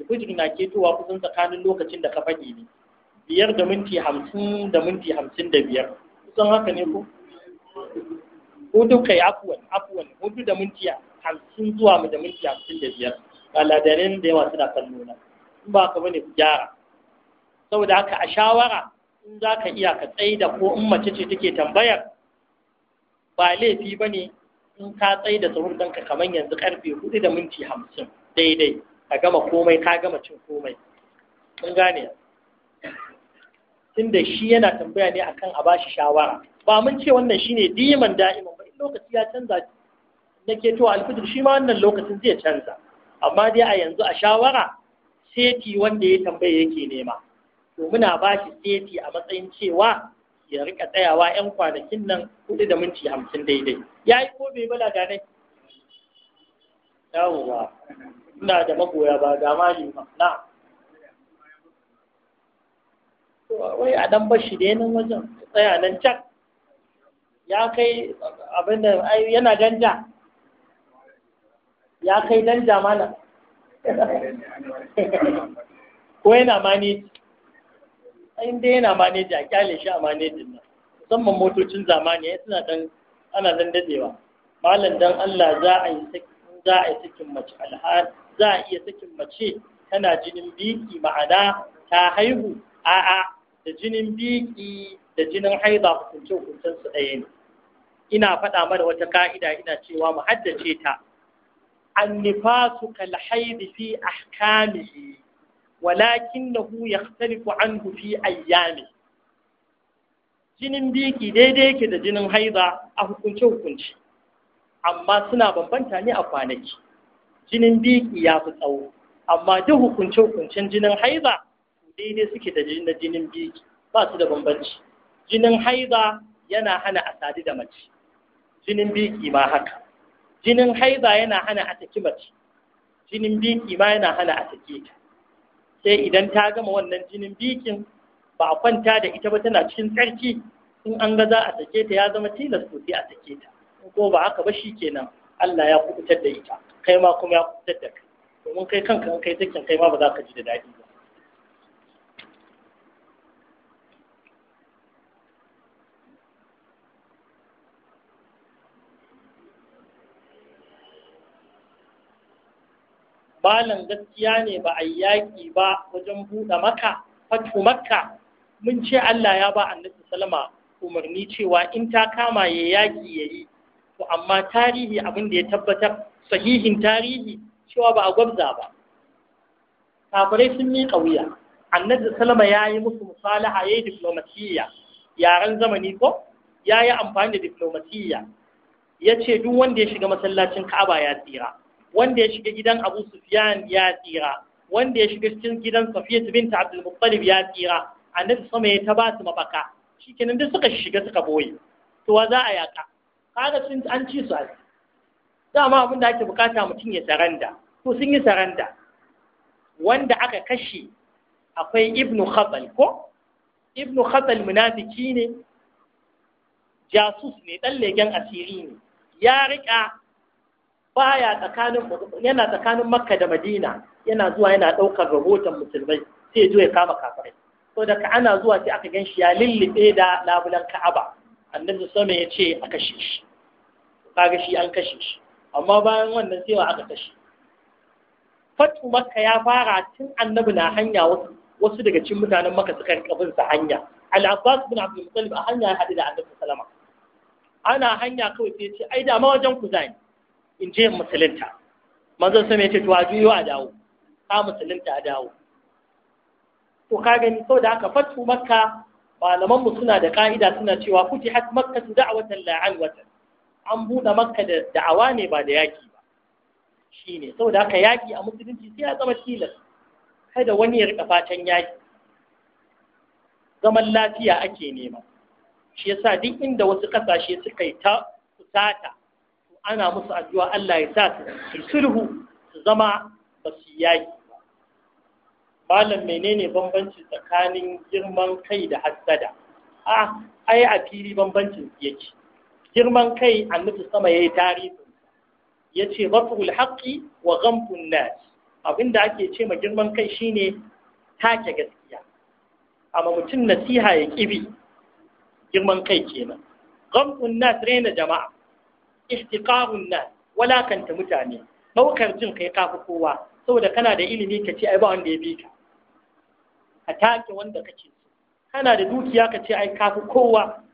S1: alfijir na ketowa kusan tsakanin lokacin da ka faɗi ne biyar da minti hamsin da minti hamsin da biyar kusan haka ne ko hudu kai afuwan afuwan hudu da minti hamsin zuwa da minti hamsin da biyar aladarin da yawa suna kallo na in ba ka bane ku gyara saboda haka a shawara in za ka iya ka tsaida ko in mace ce take tambayar ba laifi ba ne in ka tsaida sahur ɗanka kamar yanzu karfe hudu da minti hamsin daidai ka gama komai ka gama cin komai mun gane tunda shi yana tambaya ne akan a bashi shawara ba mun ce wannan shine diman da'iman ba in lokaci ya canza nake to alfijir shi ma wannan lokacin zai canza amma dai a yanzu a shawara seti wanda ya tambaye yake nema to muna ba shi seti a matsayin cewa ya rika tsayawa yan kwanakin nan kudi da minti hamsin daidai ya yi ko bai bala ne yawowa ina da magoya ba ga ma na wai a dan bashi da yanin wajen tsaya nan can ya kai abin da yana danja ya kai danja mana ko yana maneji in dai yana maneji a kyale shi a manejin nan musamman motocin zamani suna dan ana dan dadewa malam dan Allah za a yi sakin mace alhal za a iya sakin mace tana jinin biki ma'ana ta haihu a'a da jinin biki da jinin haiza hukunce hukuncen su ɗaya ne ina faɗa mana wata ka'ida ina cewa mu haddace ta النفاس كالحيض في أحكامه ولكنه يختلف عنه في أيامه jinin biki daidai yake da jinin haiza a hukunce-hukunce amma suna bambanta ne a kwanaki jinin biki ya fi tsawo amma duk hukunce-hukuncen jinin haiza daidai suke da jinin biki ba su da bambanci jinin haiza yana hana a sadu da mace jinin biki ba haka jinin haiza yana hana a mace jinin biki ma yana hana a sake ta sai idan ta gama wannan jinin bikin ba a kwanta da ita ba tana cikin tsarki in an ga za a sake ta ya zama tilas to sai a sake ta ko ba haka ba shi kenan Allah ya kubutar da ita kai ma kuma ya kubutar da kai domin kai kanka kai sakin kai ma ba za ka ji da dadi ba malam gaskiya ne ba a yaƙi ba wajen buɗe maka fatu makka mun ce Allah ya ba annabi salama umarni cewa in ta kama ya yaƙi ya yi to amma tarihi abin da ya tabbatar sahihin tarihi cewa ba a gwabza ba kafirai sun miƙa wuya annabi salama ya yi musu musalaha ya yi diplomasiyya yaren zamani ko ya yi amfani da diplomasiyya ya ce duk wanda ya shiga masallacin ka'aba ya tsira wanda ya shiga gidan Abu Sufyan ya tsira wanda ya shiga cikin gidan Safiya bint Abdul Muttalib ya tsira annabi sama ya ta basu su mafaka shikenan duk suka shiga suka boye to wa za a yaka kaga sun an ci su dama abin da ake bukata mutum ya saranda to sun yi saranda wanda aka kashe akwai ibnu khatal ko ibnu khatal munafiki ne jasus ne ɗan legen asiri ne ya rika baya tsakanin yana tsakanin makka da madina yana zuwa yana ɗaukar rahoton musulmai sai zuwa ya kama kafirai da ka ana zuwa sai aka gan shi ya lullube da labulan ka'aba annabi sallallahu ya ce aka kashe shi kaga shi an kashe shi amma bayan wannan sai aka kashe fatu makka ya fara tun annabi na hanya wasu wasu daga cikin mutanen makka suka rika bin sa hanya al-abbas bin abdul muttalib a hanya ya haɗu da annabi sallama ana hanya kawai sai ya ce ai da ma wajen ku zani in je musulunta manzo sama ya ce to a juyo a dawo ka musulunta a dawo to ka gani da haka fatu makka malaman mu suna da ka'ida suna cewa futihat makka watan, la watan. an buɗe makka da da'awa ne ba da yaki ba shine saboda haka yaki a musulunci sai ya zama tilas kada wani ya rika fatan yaki zaman lafiya ake nema shi yasa duk inda wasu kasashe suka yi ta kusata ana musu addu'a Allah ya sa su sulhu su zama ba su malam menene bambanci tsakanin girman kai da hassada a ai a fili bambancin yake girman kai nufi sama yayi tarihi yace raful haqqi wa ghamtun nas abinda ake ce ma girman kai shine take gaskiya amma mutum nasiha ya kibi girman kai kenan ghamtun nas rena jama'a istiqarun nas walakanta mutane ɗaukar jin kai kafi kowa saboda kana da ilimi ka ce ai ba wanda ya bi ka a take wanda kake kana da dukiya ka ce ai kafi kowa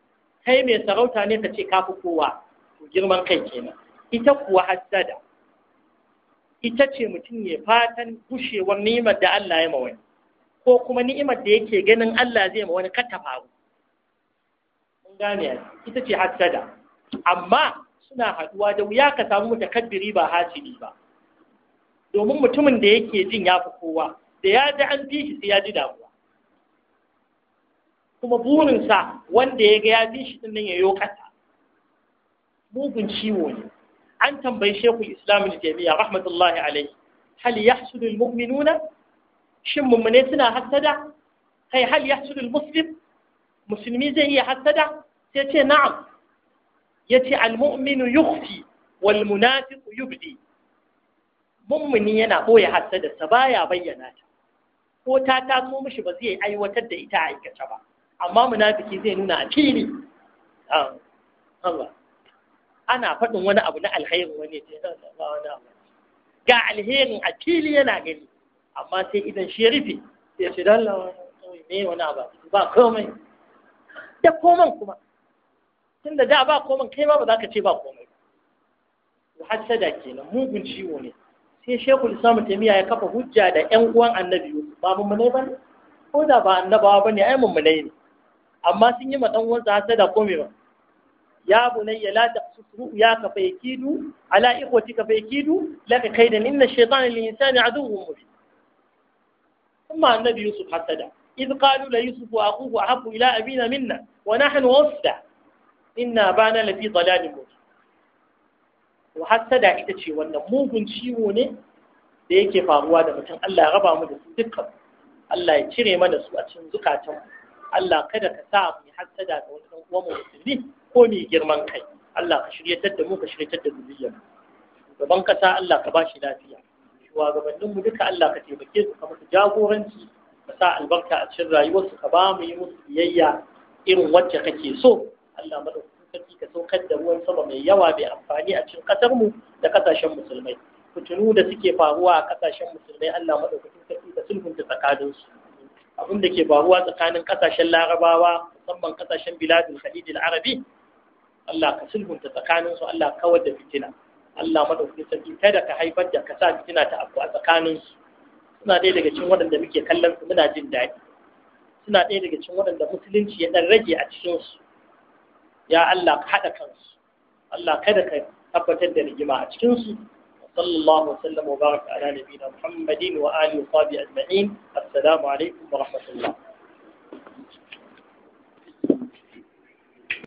S1: kai mai sarauta ne ka ce kafi kowa to girman kai kenan ita kuwa hassada ita ce mutum ya fatan gushewar ni'imar da Allah ya ma wani ko kuma ni'imar da yake ganin Allah zai ma wani kata faru mun gane ita ce hassada amma suna haɗuwa da wuya ka samu mutakabbiri ba hasidi ba domin mutumin da yake jin ya fi kowa da ya ji an fi sai ya ji damuwa kuma burinsa wanda ya ga ya fi shi ɗin ya yo ƙasa mugun ciwo ne an tambayi shekul islam jami'a rahmatullahi alaihi hal yahsudul mu'minuna shin mummune suna hasada kai hal yahsudul muslim musulmi zai iya hasada sai ce na'am yace al-mu'minu yukhfi wal munafiqu yubdi mummuni yana boye hasadarsa baya bayyana ta ko ta taso mishi ba zai aiwatar da ita a aikace ba amma munafiki zai nuna a fili ana faɗin wani abu na alherin wani ce ga alherin a fili yana gani amma sai idan shi ya rufe ya ce dalla wani abu ba komai da koman kuma tun da da ba komai kai ma ba za ka ce ba komai ba. hasada kenan mugun ciwo ne sai shekul islam taimiyya ya kafa hujja da yan uwan annabi ba mummunai ba ne ko da ba annabawa ba ne ai mummunai ne amma sun yi ma dan uwansa hasada ko komai ba ya bunayya la taqsusu ya ka fa yakidu ala ikhwati ka fa yakidu laka kaidan inna shaytana lil insani aduwwu mubin amma annabi yusuf hasada idh qalu la yusufu wa akhuhu ahabbu ila abina minna wa nahnu wasda inna bana lafi dalalin mu to hassada ita ce wannan mugun ciwo ne da yake faruwa da mutum Allah ya raba mu da su dukkan Allah ya cire mana su a cikin zukatan Allah kada ka sa mu hassada ga wani dan uwan musulmi ko mai girman kai Allah ka shiryatar da mu ka shiryatar da zuriyar gaban kasa Allah ka bashi lafiya shugabannin mu duka Allah ka taimake su ka musu jagoranci ka sa albarka a cikin rayuwarsu ka ba mu yi musu biyayya irin wacce kake so Allah madaukakin sarki ka saukar da ruwan sama mai yawa mai amfani a cikin ƙasarmu da ƙasashen musulmai fitinu da suke faruwa a ƙasashen musulmai Allah madaukakin sarki ka sulhunta tsakaninsu. su abin da ke faruwa tsakanin ƙasashen larabawa musamman kasashen biladul khalidil arabi Allah ka sulhunta tsakaninsu. Allah kawar da fitina Allah madaukakin sarki kada ka haifar da ka sa fitina ta afku a tsakaninsu. suna ɗaya daga cikin waɗanda muke kallon su muna jin daɗi suna ɗaya daga cikin waɗanda musulunci ya ɗan rage a cikinsu ya Allah ka kansu Allah kada ka tabbatar da rigima a cikin su sallallahu alaihi ala nabiyina muhammadin wa alihi ajma'in
S2: assalamu alaikum wa rahmatullah